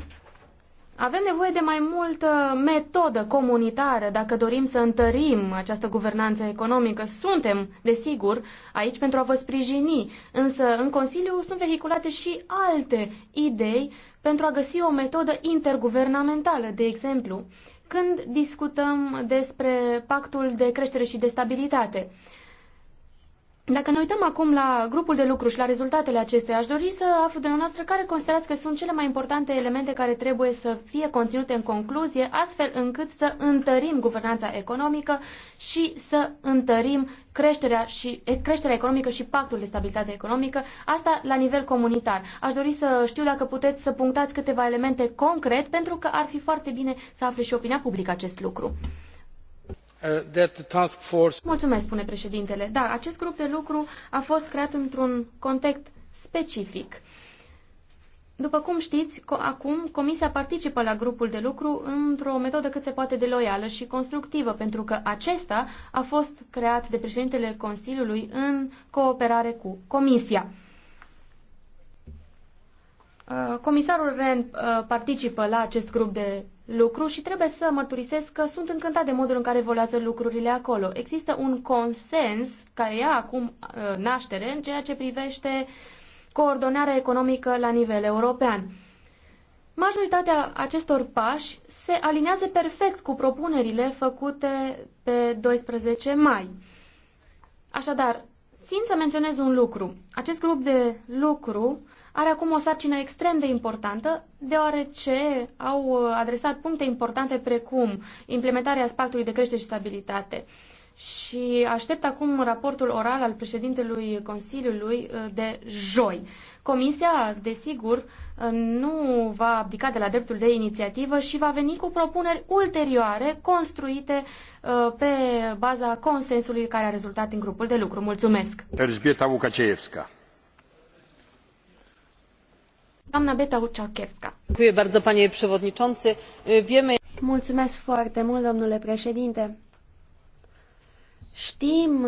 avem nevoie de mai multă metodă comunitară dacă dorim să întărim această guvernanță economică. Suntem, desigur, aici pentru a vă sprijini, însă în Consiliu sunt vehiculate și alte idei pentru a găsi o metodă interguvernamentală, de exemplu, când discutăm despre pactul de creștere și de stabilitate. Dacă ne uităm acum la grupul de lucru și la rezultatele acestuia, aș dori să aflu de la noastră care considerați că sunt cele mai importante elemente care trebuie să fie conținute în concluzie, astfel încât să întărim guvernanța economică și să întărim creșterea, și, eh, creșterea economică și pactul de stabilitate economică, asta la nivel comunitar. Aș dori să știu dacă puteți să punctați câteva elemente concret, pentru că ar fi foarte bine să afle și opinia publică acest lucru. Uh, Mulțumesc, spune președintele. Da, acest grup de lucru a fost creat într-un context specific. După cum știți, acum Comisia participă la grupul de lucru într-o metodă cât se poate de loială și constructivă, pentru că acesta a fost creat de președintele Consiliului în cooperare cu Comisia. Uh, comisarul Ren uh, participă la acest grup de lucru și trebuie să mărturisesc că sunt încântat de modul în care evoluează lucrurile acolo. Există un consens care ia acum uh, naștere în ceea ce privește coordonarea economică la nivel european. Majoritatea acestor pași se alinează perfect cu propunerile făcute pe 12 mai. Așadar, țin să menționez un lucru. Acest grup de lucru are acum o sarcină extrem de importantă, deoarece au uh, adresat puncte importante precum implementarea spactului de creștere și stabilitate. Și aștept acum raportul oral al președintelui Consiliului uh, de joi. Comisia, desigur, uh, nu va abdica de la dreptul de inițiativă și va veni cu propuneri ulterioare construite pe baza consensului care a rezultat în grupul de lucru. Mulțumesc! Elżbieta Łukaciejewska. Mulțumesc foarte mult, domnule președinte. Știm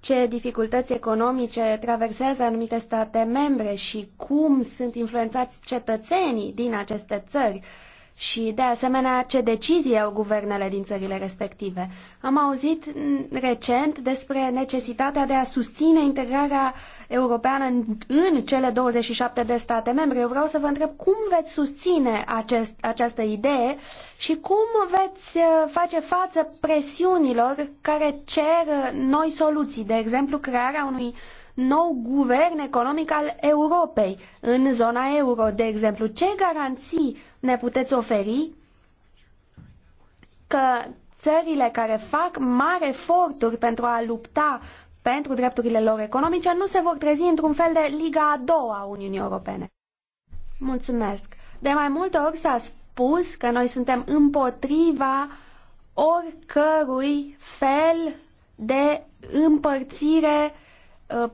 ce dificultăți economice traversează anumite state membre și cum sunt influențați cetățenii din aceste țări și, de asemenea, ce decizii au guvernele din țările respective. Am auzit recent despre necesitatea de a susține integrarea europeană în, în cele 27 de state membre. Eu vreau să vă întreb cum veți susține acest, această idee și cum veți uh, face față presiunilor care cer uh, noi soluții, de exemplu crearea unui nou guvern economic al Europei în zona euro, de exemplu. Ce garanții ne puteți oferi că țările care fac mari eforturi pentru a lupta pentru drepturile lor economice nu se vor trezi într-un fel de Liga a doua a Uniunii Europene. Mulțumesc. De mai multe ori s-a spus că noi suntem împotriva oricărui fel de împărțire uh,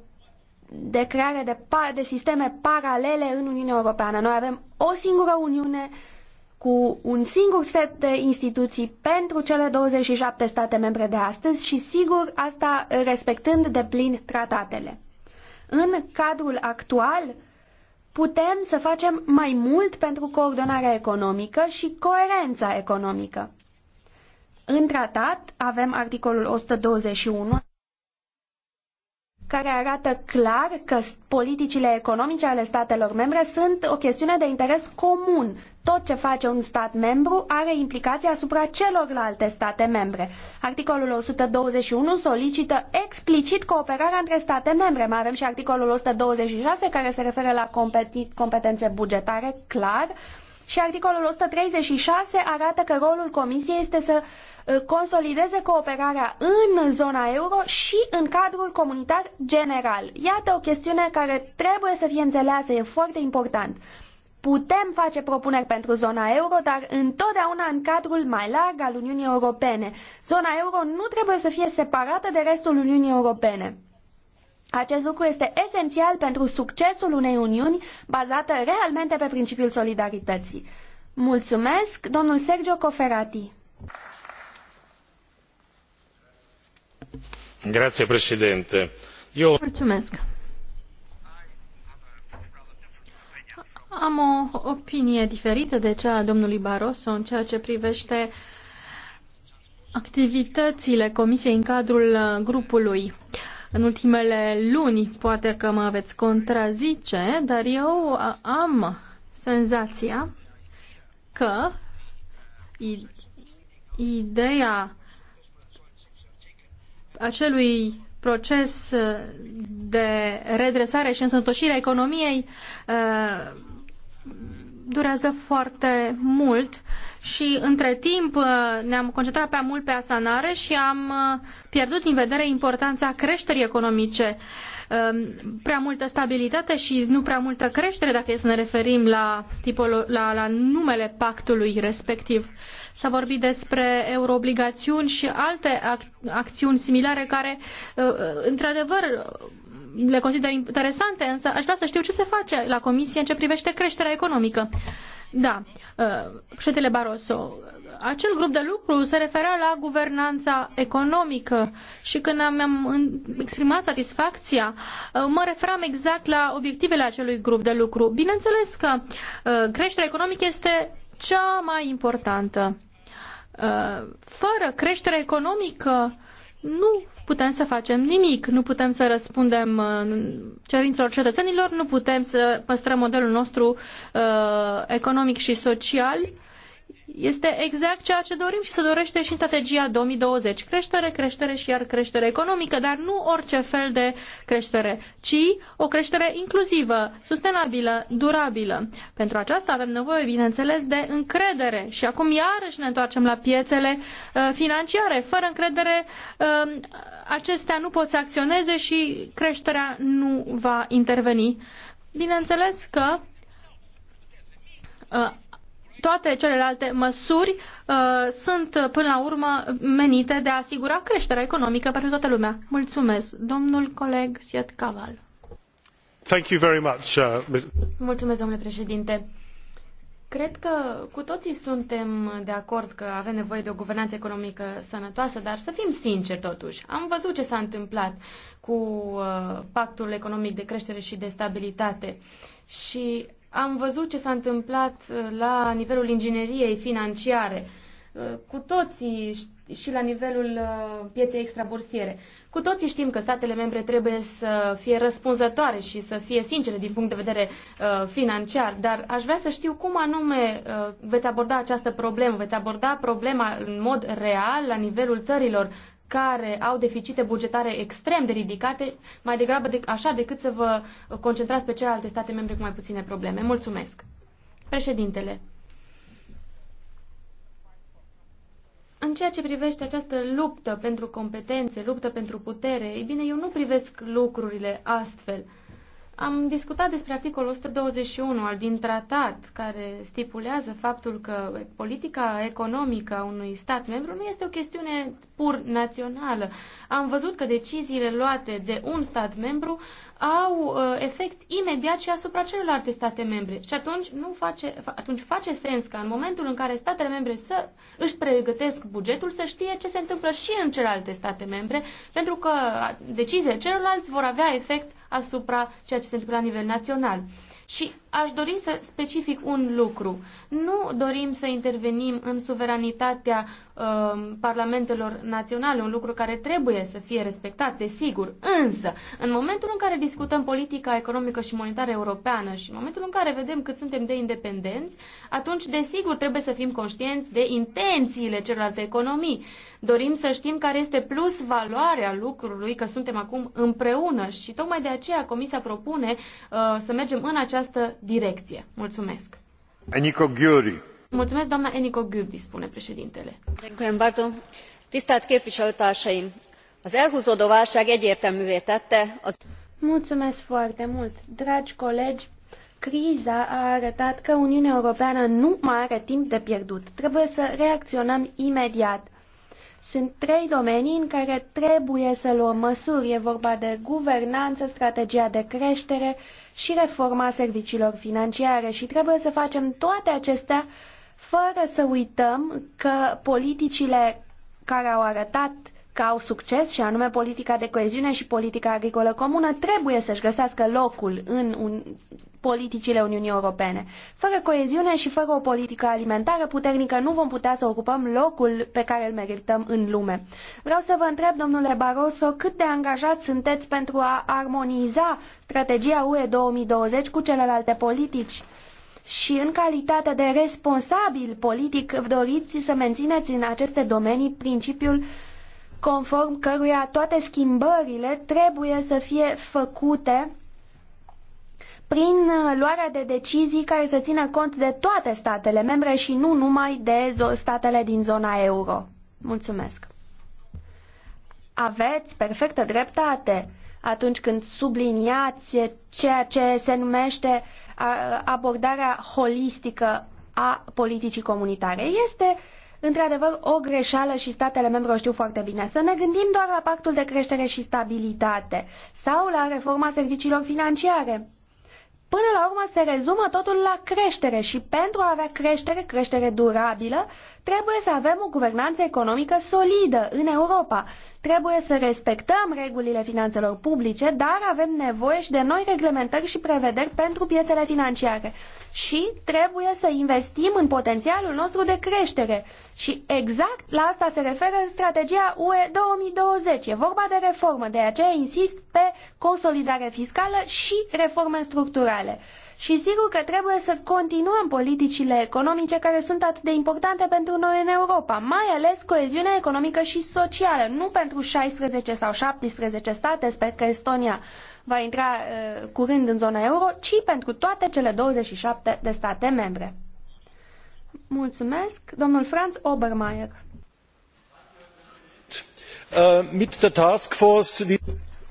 de creare de, de sisteme paralele în Uniunea Europeană. Noi avem o singură Uniune cu un singur set de instituții pentru cele 27 state membre de astăzi și, sigur, asta respectând de plin tratatele. În cadrul actual, putem să facem mai mult pentru coordonarea economică și coerența economică. În tratat avem articolul 121 care arată clar că politicile economice ale statelor membre sunt o chestiune de interes comun. Tot ce face un stat membru are implicații asupra celorlalte state membre. Articolul 121 solicită explicit cooperarea între state membre. Mai avem și articolul 126 care se referă la competențe bugetare, clar. Și articolul 136 arată că rolul Comisiei este să consolideze cooperarea în zona euro și în cadrul comunitar general. Iată o chestiune care trebuie să fie înțeleasă, e foarte important. Putem face propuneri pentru zona euro, dar întotdeauna în cadrul mai larg al Uniunii Europene. Zona euro nu trebuie să fie separată de restul Uniunii Europene. Acest lucru este esențial pentru succesul unei uniuni bazată realmente pe principiul solidarității. Mulțumesc, domnul Sergio Coferati. Mulțumesc. Am o opinie diferită de cea a domnului Barroso în ceea ce privește activitățile Comisiei în cadrul uh, grupului. În ultimele luni, poate că mă veți contrazice, dar eu uh, am senzația că ideea acelui proces de redresare și însăntoșire a economiei uh, durează foarte mult și între timp uh, ne-am concentrat prea mult pe asanare și am uh, pierdut din vedere importanța creșterii economice. Um, prea multă stabilitate și nu prea multă creștere, dacă e să ne referim la, tipul la, la numele pactului respectiv. S-a vorbit despre euroobligațiuni și alte ac- acțiuni similare care, uh, uh, într-adevăr, le consider interesante, însă aș vrea să știu ce se face la Comisie în ce privește creșterea economică. Da, uh, președintele Barroso, acel grup de lucru se referea la guvernanța economică și când am exprimat satisfacția, uh, mă referam exact la obiectivele acelui grup de lucru. Bineînțeles că uh, creșterea economică este cea mai importantă. Uh, fără creștere economică nu putem să facem nimic, nu putem să răspundem cerințelor cetățenilor, nu putem să păstrăm modelul nostru economic și social uh, este exact ceea ce dorim și se dorește și în strategia 2020. Creștere, creștere și iar creștere economică, dar nu orice fel de creștere, ci o creștere inclusivă, sustenabilă, durabilă. Pentru aceasta avem nevoie, bineînțeles, de încredere. Și acum iarăși ne întoarcem la piețele uh, financiare. Fără încredere, um, acestea nu pot să acționeze și creșterea nu va interveni. Bineînțeles că uh, toate celelalte măsuri uh, sunt uh, până la urmă menite de a asigura creșterea economică pentru toată lumea. Mulțumesc, domnul coleg Siet Caval. Thank you very much, uh, Mulțumesc, domnule președinte. Cred că cu toții suntem de acord că avem nevoie de o guvernanță economică sănătoasă, dar să fim sinceri totuși. Am văzut ce s-a întâmplat cu uh, pactul economic de creștere și de stabilitate și am văzut ce s-a întâmplat uh, la nivelul ingineriei financiare, uh, cu toții și la nivelul uh, pieței extrabursiere. Cu toții știm că statele membre trebuie să fie răspunzătoare și să fie sincere din punct de vedere financiar, dar aș vrea să știu cum anume veți aborda această problemă, veți aborda problema în mod real la nivelul țărilor care au deficite bugetare extrem de ridicate, mai degrabă de, așa decât să vă concentrați pe celelalte state membre cu mai puține probleme. Mulțumesc. Președintele, În ceea ce privește această luptă pentru competențe, luptă pentru putere, ei bine, eu nu privesc lucrurile astfel. Am discutat despre articolul 121 al din tratat, care stipulează faptul că politica economică a unui stat membru nu este o chestiune pur națională. Am văzut că deciziile luate de un stat membru au uh, efect imediat și asupra celorlalte state membre. Și atunci, nu face, atunci face sens ca în momentul în care statele membre să își pregătesc bugetul, să știe ce se întâmplă și în celelalte state membre, pentru că deciziile celorlalți vor avea efect asupra ceea ce se întâmplă la nivel național. Și aș dori să specific un lucru. Nu dorim să intervenim în suveranitatea Um, parlamentelor naționale, un lucru care trebuie să fie respectat, desigur. Însă, în momentul în care discutăm politica economică și monetară europeană și în momentul în care vedem cât suntem de independenți, atunci, desigur, trebuie să fim conștienți de intențiile celorlalte economii. Dorim să știm care este plus valoarea lucrului, că suntem acum împreună și tocmai de aceea Comisia propune uh, să mergem în această direcție. Mulțumesc! Enico Ghiuri. Mulțumesc, doamna Eniko Gübbi, spune președintele. Tisztelt képviselőtársaim! Az elhúzódó válság egyértelművé tette az... Mulțumesc foarte mult, dragi colegi! Criza a arătat că Uniunea Europeană nu mai are timp de pierdut. Trebuie să reacționăm imediat. Sunt trei domenii în care trebuie să luăm măsuri. E vorba de guvernanță, strategia de creștere și reforma serviciilor financiare și trebuie să facem toate acestea fără să uităm că politicile care au arătat că au succes, și anume politica de coeziune și politica agricolă comună, trebuie să-și găsească locul în un, politicile Uniunii Europene. Fără coeziune și fără o politică alimentară puternică nu vom putea să ocupăm locul pe care îl merităm în lume. Vreau să vă întreb, domnule Barroso, cât de angajat sunteți pentru a armoniza strategia UE 2020 cu celelalte politici? și în calitate de responsabil politic doriți să mențineți în aceste domenii principiul conform căruia toate schimbările trebuie să fie făcute prin luarea de decizii care să țină cont de toate statele membre și nu numai de statele din zona euro. Mulțumesc. Aveți perfectă dreptate atunci când subliniați ceea ce se numește abordarea holistică a politicii comunitare. Este într-adevăr o greșeală și statele membre o știu foarte bine. Să ne gândim doar la pactul de creștere și stabilitate sau la reforma serviciilor financiare. Până la urmă se rezumă totul la creștere și pentru a avea creștere, creștere durabilă, trebuie să avem o guvernanță economică solidă în Europa Trebuie să respectăm regulile finanțelor publice, dar avem nevoie și de noi reglementări și prevederi pentru piețele financiare. Și trebuie să investim în potențialul nostru de creștere. Și exact la asta se referă strategia UE 2020. E vorba de reformă, de aceea insist pe consolidare fiscală și reforme structurale. Și sigur că trebuie să continuăm politicile economice care sunt atât de importante pentru noi în Europa, mai ales coeziunea economică și socială, nu pentru 16 sau 17 state, sper că Estonia va intra uh, curând în zona euro, ci pentru toate cele 27 de state membre. Mulțumesc, domnul Franz Obermeier. Uh, mit der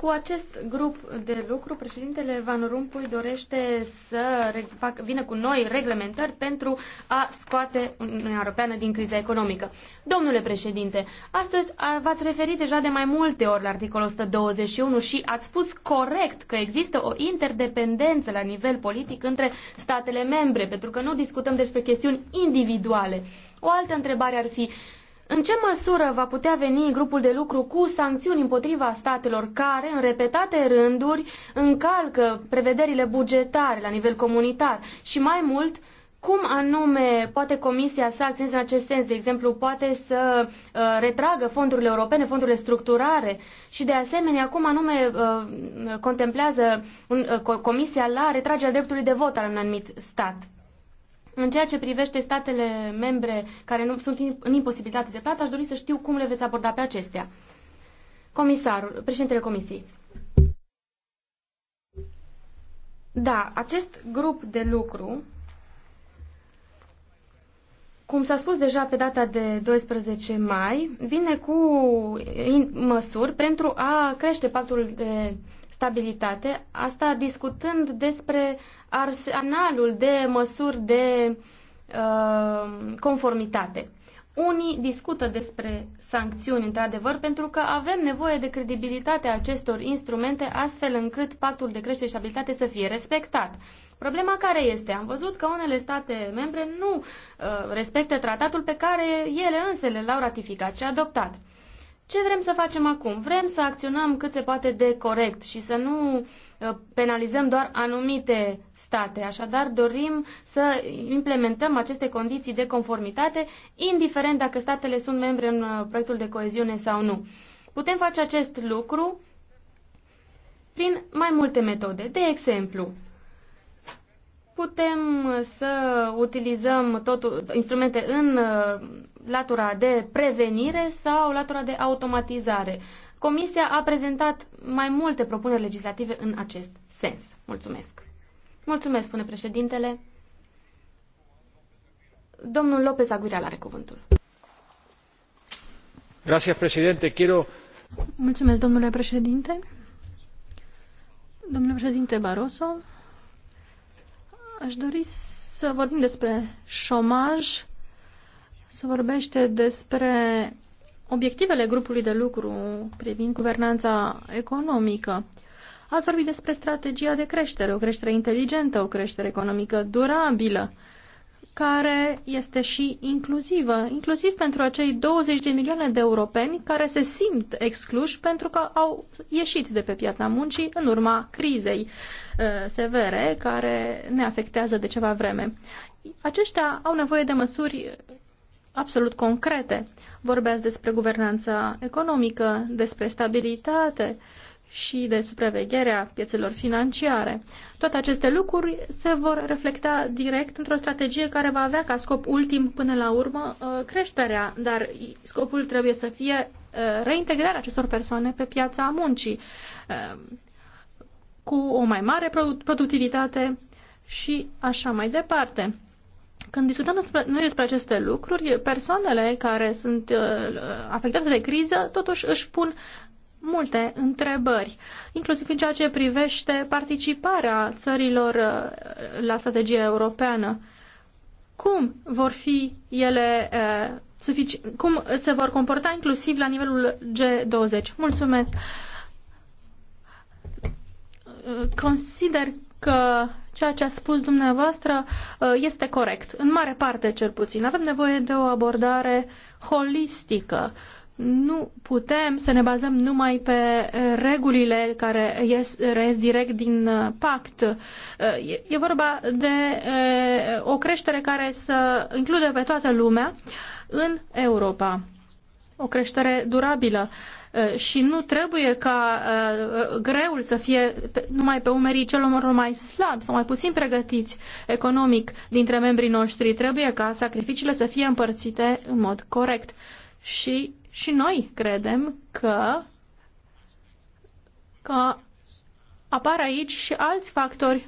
cu acest grup de lucru, președintele Van Rompuy dorește să fac, vină cu noi reglementări pentru a scoate Uniunea Europeană din criza economică. Domnule președinte, astăzi v-ați referit deja de mai multe ori la articolul 121 și ați spus corect că există o interdependență la nivel politic între statele membre, pentru că nu discutăm despre chestiuni individuale. O altă întrebare ar fi, în ce măsură va putea veni grupul de lucru cu sancțiuni împotriva statelor care, în repetate rânduri, încalcă prevederile bugetare la nivel comunitar și mai mult cum anume poate Comisia să acționeze în acest sens? De exemplu, poate să uh, retragă fondurile europene, fondurile structurare și, de asemenea, cum anume uh, contemplează un, uh, Comisia la retragerea dreptului de vot al unui anumit stat? În ceea ce privește statele membre care nu sunt în imposibilitate de plată, aș dori să știu cum le veți aborda pe acestea. Comisarul, președintele Comisiei. Da, acest grup de lucru, cum s-a spus deja pe data de 12 mai, vine cu măsuri pentru a crește pactul de stabilitate, asta discutând despre arsenalul de măsuri de uh, conformitate. Unii discută despre sancțiuni, într-adevăr, pentru că avem nevoie de credibilitatea acestor instrumente astfel încât pactul de creștere și stabilitate să fie respectat. Problema care este? Am văzut că unele state membre nu uh, respectă tratatul pe care ele însele l-au ratificat și adoptat. Ce vrem să facem acum? Vrem să acționăm cât se poate de corect și să nu uh, penalizăm doar anumite state. Așadar, dorim să implementăm aceste condiții de conformitate, indiferent dacă statele sunt membre în uh, proiectul de coeziune sau nu. Putem face acest lucru prin mai multe metode. De exemplu, putem uh, să utilizăm totul, instrumente în latura de prevenire sau latura de automatizare. Comisia a prezentat mai multe propuneri legislative în acest sens. Mulțumesc. Mulțumesc, spune președintele. Domnul López Aguilar are cuvântul. Gracias, presidente. Quiero... Mulțumesc, domnule președinte. Domnule președinte Barroso, aș dori să vorbim despre șomaj se vorbește despre obiectivele grupului de lucru privind guvernanța economică. Ați vorbit despre strategia de creștere, o creștere inteligentă, o creștere economică durabilă, care este și inclusivă, inclusiv pentru acei 20 de milioane de europeni care se simt excluși pentru că au ieșit de pe piața muncii în urma crizei uh, severe care ne afectează de ceva vreme. Aceștia au nevoie de măsuri absolut concrete. Vorbeați despre guvernanța economică, despre stabilitate și de supravegherea piețelor financiare. Toate aceste lucruri se vor reflecta direct într-o strategie care va avea ca scop ultim, până la urmă, uh, creșterea, dar scopul trebuie să fie uh, reintegrarea acestor persoane pe piața muncii uh, cu o mai mare productivitate și așa mai departe. Când discutăm despre, noi despre aceste lucruri, persoanele care sunt uh, afectate de criză totuși își pun multe întrebări, inclusiv în ceea ce privește participarea țărilor uh, la strategia europeană. Cum vor fi ele uh, sufici- cum se vor comporta inclusiv la nivelul G20? Mulțumesc. Uh, consider că ceea ce a spus dumneavoastră uh, este corect, în mare parte cel puțin. Avem nevoie de o abordare holistică. Nu putem să ne bazăm numai pe uh, regulile care ies, ies direct din uh, pact. E vorba de o creștere care să include pe toată lumea în Europa. O creștere durabilă. Eh, și nu trebuie ca eh, greul să fie numai pe umerii celor mai slabi sau mai puțin pregătiți economic dintre membrii noștri. Trebuie ca sacrificiile să fie împărțite în mod corect. Și, și noi credem că, că apar aici și alți factori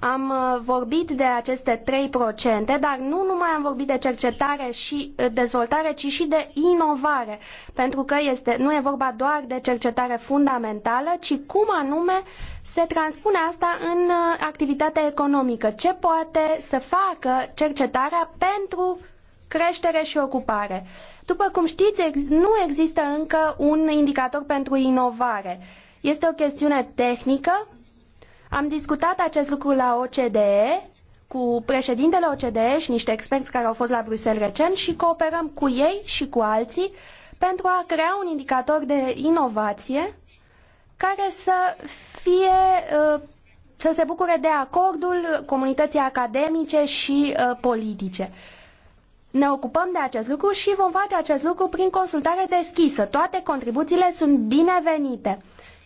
am uh, vorbit de aceste 3%, dar nu numai am vorbit de cercetare și uh, dezvoltare, ci și de inovare, pentru că este, nu e vorba doar de cercetare fundamentală, ci cum anume se transpune asta în uh, activitatea economică. Ce poate să facă cercetarea pentru creștere și ocupare? După cum știți, nu există încă un indicator pentru inovare. Este o chestiune tehnică am discutat acest lucru la OCDE cu președintele OCDE și niște experți care au fost la Bruxelles recent și cooperăm cu ei și cu alții pentru a crea un indicator de inovație care să fie uh, să se bucure de acordul comunității academice și uh, politice. Ne ocupăm de acest lucru și vom face acest lucru prin consultare deschisă. Toate contribuțiile sunt binevenite.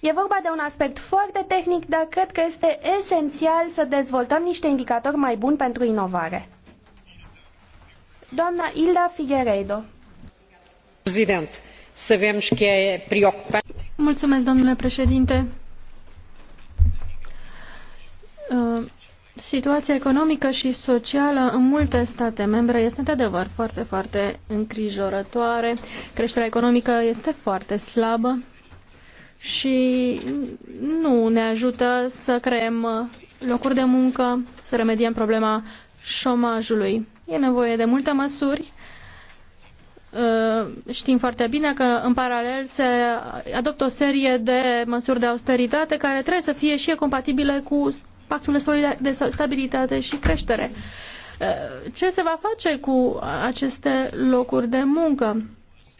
E vorba de un aspect foarte tehnic, dar cred că este esențial să dezvoltăm niște indicatori mai buni pentru inovare. Doamna Ilda Figueiredo. Prezident, să vedem că e preocupat. Mulțumesc, domnule președinte. Uh, situația economică și socială în multe state membre este într-adevăr foarte, foarte îngrijorătoare. Creșterea economică este foarte slabă și nu ne ajută să creăm locuri de muncă, să remediem problema șomajului. E nevoie de multe măsuri. Uh, știm foarte bine că în paralel se adoptă o serie de măsuri de austeritate care trebuie să fie și compatibile cu pactul de stabilitate și creștere. Uh, ce se va face cu aceste locuri de muncă?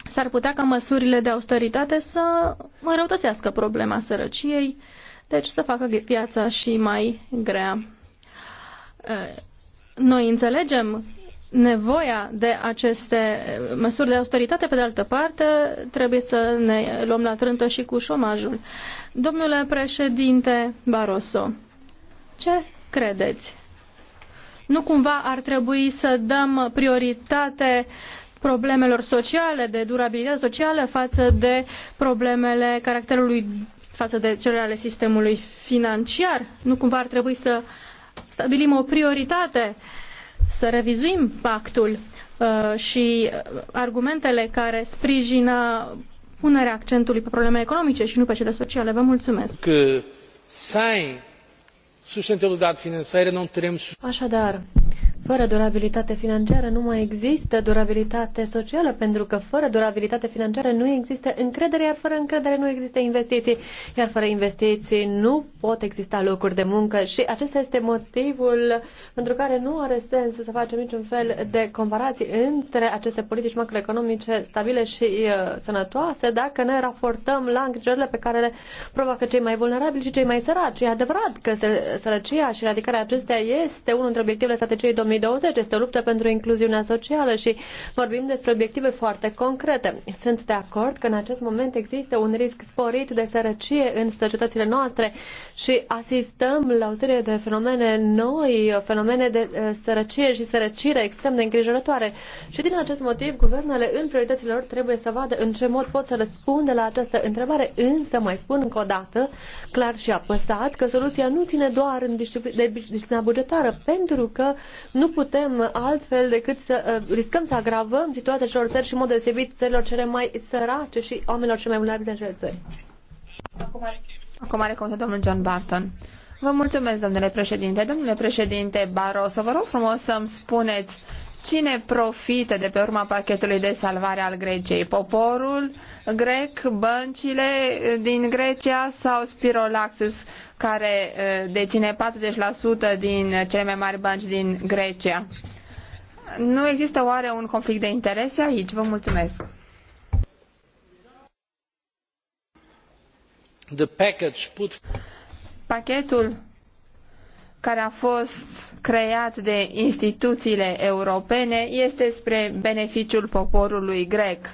s-ar putea ca măsurile de austeritate să înrăutățească problema sărăciei, deci să facă viața și mai grea. Eh, noi înțelegem nevoia de aceste eh, măsuri de austeritate, pe de altă parte, trebuie să ne luăm la trântă și cu șomajul. Domnule președinte Barroso, ce credeți? Nu cumva ar trebui să dăm prioritate problemelor sociale, de durabilitate socială față de problemele caracterului față de cele ale sistemului financiar. Nu cumva ar trebui să stabilim o prioritate, să revizuim pactul uh, și argumentele care sprijină punerea accentului pe probleme economice și nu pe cele sociale. Vă mulțumesc. Că, sem sustentabilidade financeira não teremos... Așadar, fără durabilitate financiară nu mai există durabilitate socială, pentru că fără durabilitate financiară nu există încredere, iar fără încredere nu există investiții, iar fără investiții nu pot exista locuri de muncă și acesta este motivul pentru care nu are sens să facem niciun fel de comparații între aceste politici macroeconomice stabile și uh, sănătoase dacă ne raportăm la îngrijorările pe care le provoacă cei mai vulnerabili și cei mai săraci. E adevărat că sărăcia și eradicarea acestea este unul dintre obiectivele strategiei domnului 2020. Este o luptă pentru incluziunea socială și vorbim despre obiective foarte concrete. Sunt de acord că în acest moment există un risc sporit de sărăcie în societățile noastre și asistăm la o serie de fenomene noi, fenomene de eh, sărăcie și sărăcire extrem de îngrijorătoare. Și din acest motiv, guvernele în prioritățile lor trebuie să vadă în ce mod pot să răspundă la această întrebare, însă mai spun încă o dată, clar și apăsat, că soluția nu ține doar în disciplina bugetară, pentru că nu nu putem altfel decât să uh, riscăm să agravăm situația celor țări și, în mod deosebit, țărilor cele mai sărace și oamenilor cele mai vulnerabile în acele țări. Acum are, cuvântul domnul John Barton. Vă mulțumesc, domnule președinte. Domnule președinte Barroso, vă rog frumos să-mi spuneți cine profită de pe urma pachetului de salvare al Greciei? Poporul grec, băncile din Grecia sau Spirolaxus? care deține 40% din cele mai mari bănci din Grecia. Nu există oare un conflict de interese aici? Vă mulțumesc. The package put... Pachetul care a fost creat de instituțiile europene este spre beneficiul poporului grec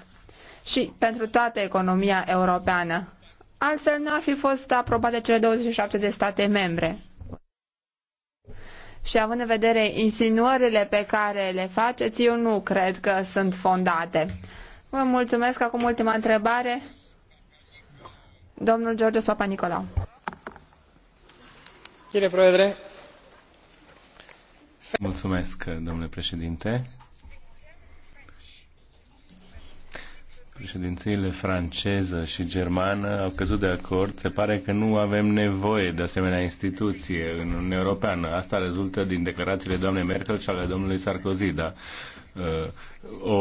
și pentru toată economia europeană altfel nu ar fi fost aprobat de cele 27 de state membre. Și având în vedere insinuările pe care le faceți, eu nu cred că sunt fondate. Vă mulțumesc. Acum ultima întrebare. Domnul George Papa Nicolau. Mulțumesc, domnule președinte. președințiile franceză și germană au căzut de acord. Se pare că nu avem nevoie de asemenea instituție în Uniunea Europeană. Asta rezultă din declarațiile doamnei Merkel și ale domnului Sarkozy, da? Uh, o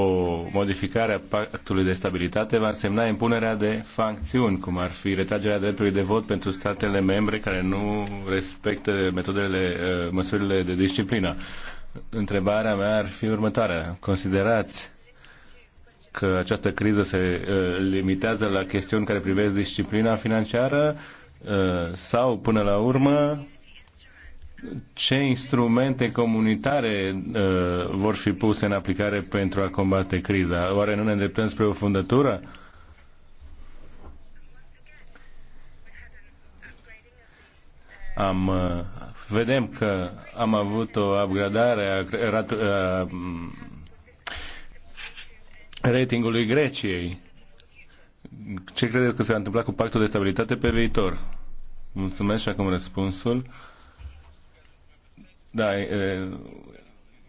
modificare a pactului de stabilitate va însemna impunerea de sancțiuni, cum ar fi retragerea dreptului de vot pentru statele membre care nu respectă metodele, uh, măsurile de disciplină. Întrebarea mea ar fi următoarea. Considerați că această criză se uh, limitează la chestiuni care privesc disciplina financiară uh, sau, până la urmă, ce instrumente comunitare uh, vor fi puse în aplicare pentru a combate criza? Oare nu ne îndreptăm spre o fundătură? Am, vedem că am avut o upgradare a, a, a mm, ratingului Greciei. Ce credeți că se va întâmpla cu pactul de stabilitate pe viitor? Mulțumesc și acum răspunsul. Da, e,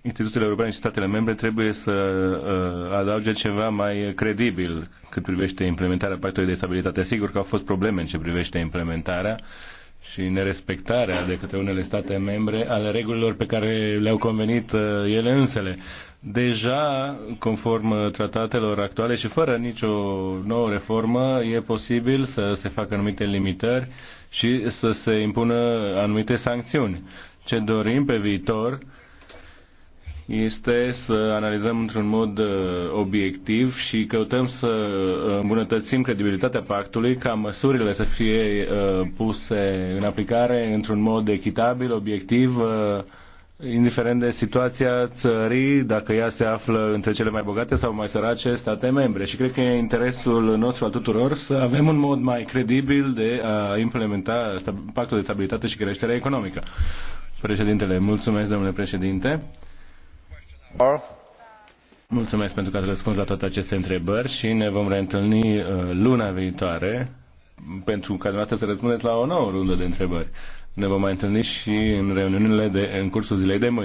instituțiile europene și statele membre trebuie să uh, adauge ceva mai credibil cât privește implementarea pactului de stabilitate. Sigur că au fost probleme în ce privește implementarea și nerespectarea de către unele state membre ale regulilor pe care le-au convenit uh, ele însele. Deja, conform uh, tratatelor actuale și fără nicio nouă reformă, e posibil să se facă anumite limitări și să se impună anumite sancțiuni. Ce dorim pe viitor este să analizăm într-un mod uh, obiectiv și căutăm să uh, îmbunătățim credibilitatea pactului ca măsurile să fie puse în aplicare într-un mod echitabil, obiectiv, indiferent de situația țării, dacă ea se află între cele mai bogate sau mai sărace state membre. Și cred că e interesul nostru al tuturor să avem un mod mai credibil de a implementa pactul de stabilitate și creștere economică. Președintele, mulțumesc, domnule președinte. Mulțumesc pentru că ați răspuns la toate aceste întrebări și ne vom reîntâlni uh, luna viitoare pentru ca dumneavoastră să răspundeți la o nouă rundă de întrebări. Ne vom mai întâlni și în reuniunile de, în cursul zilei de mâine.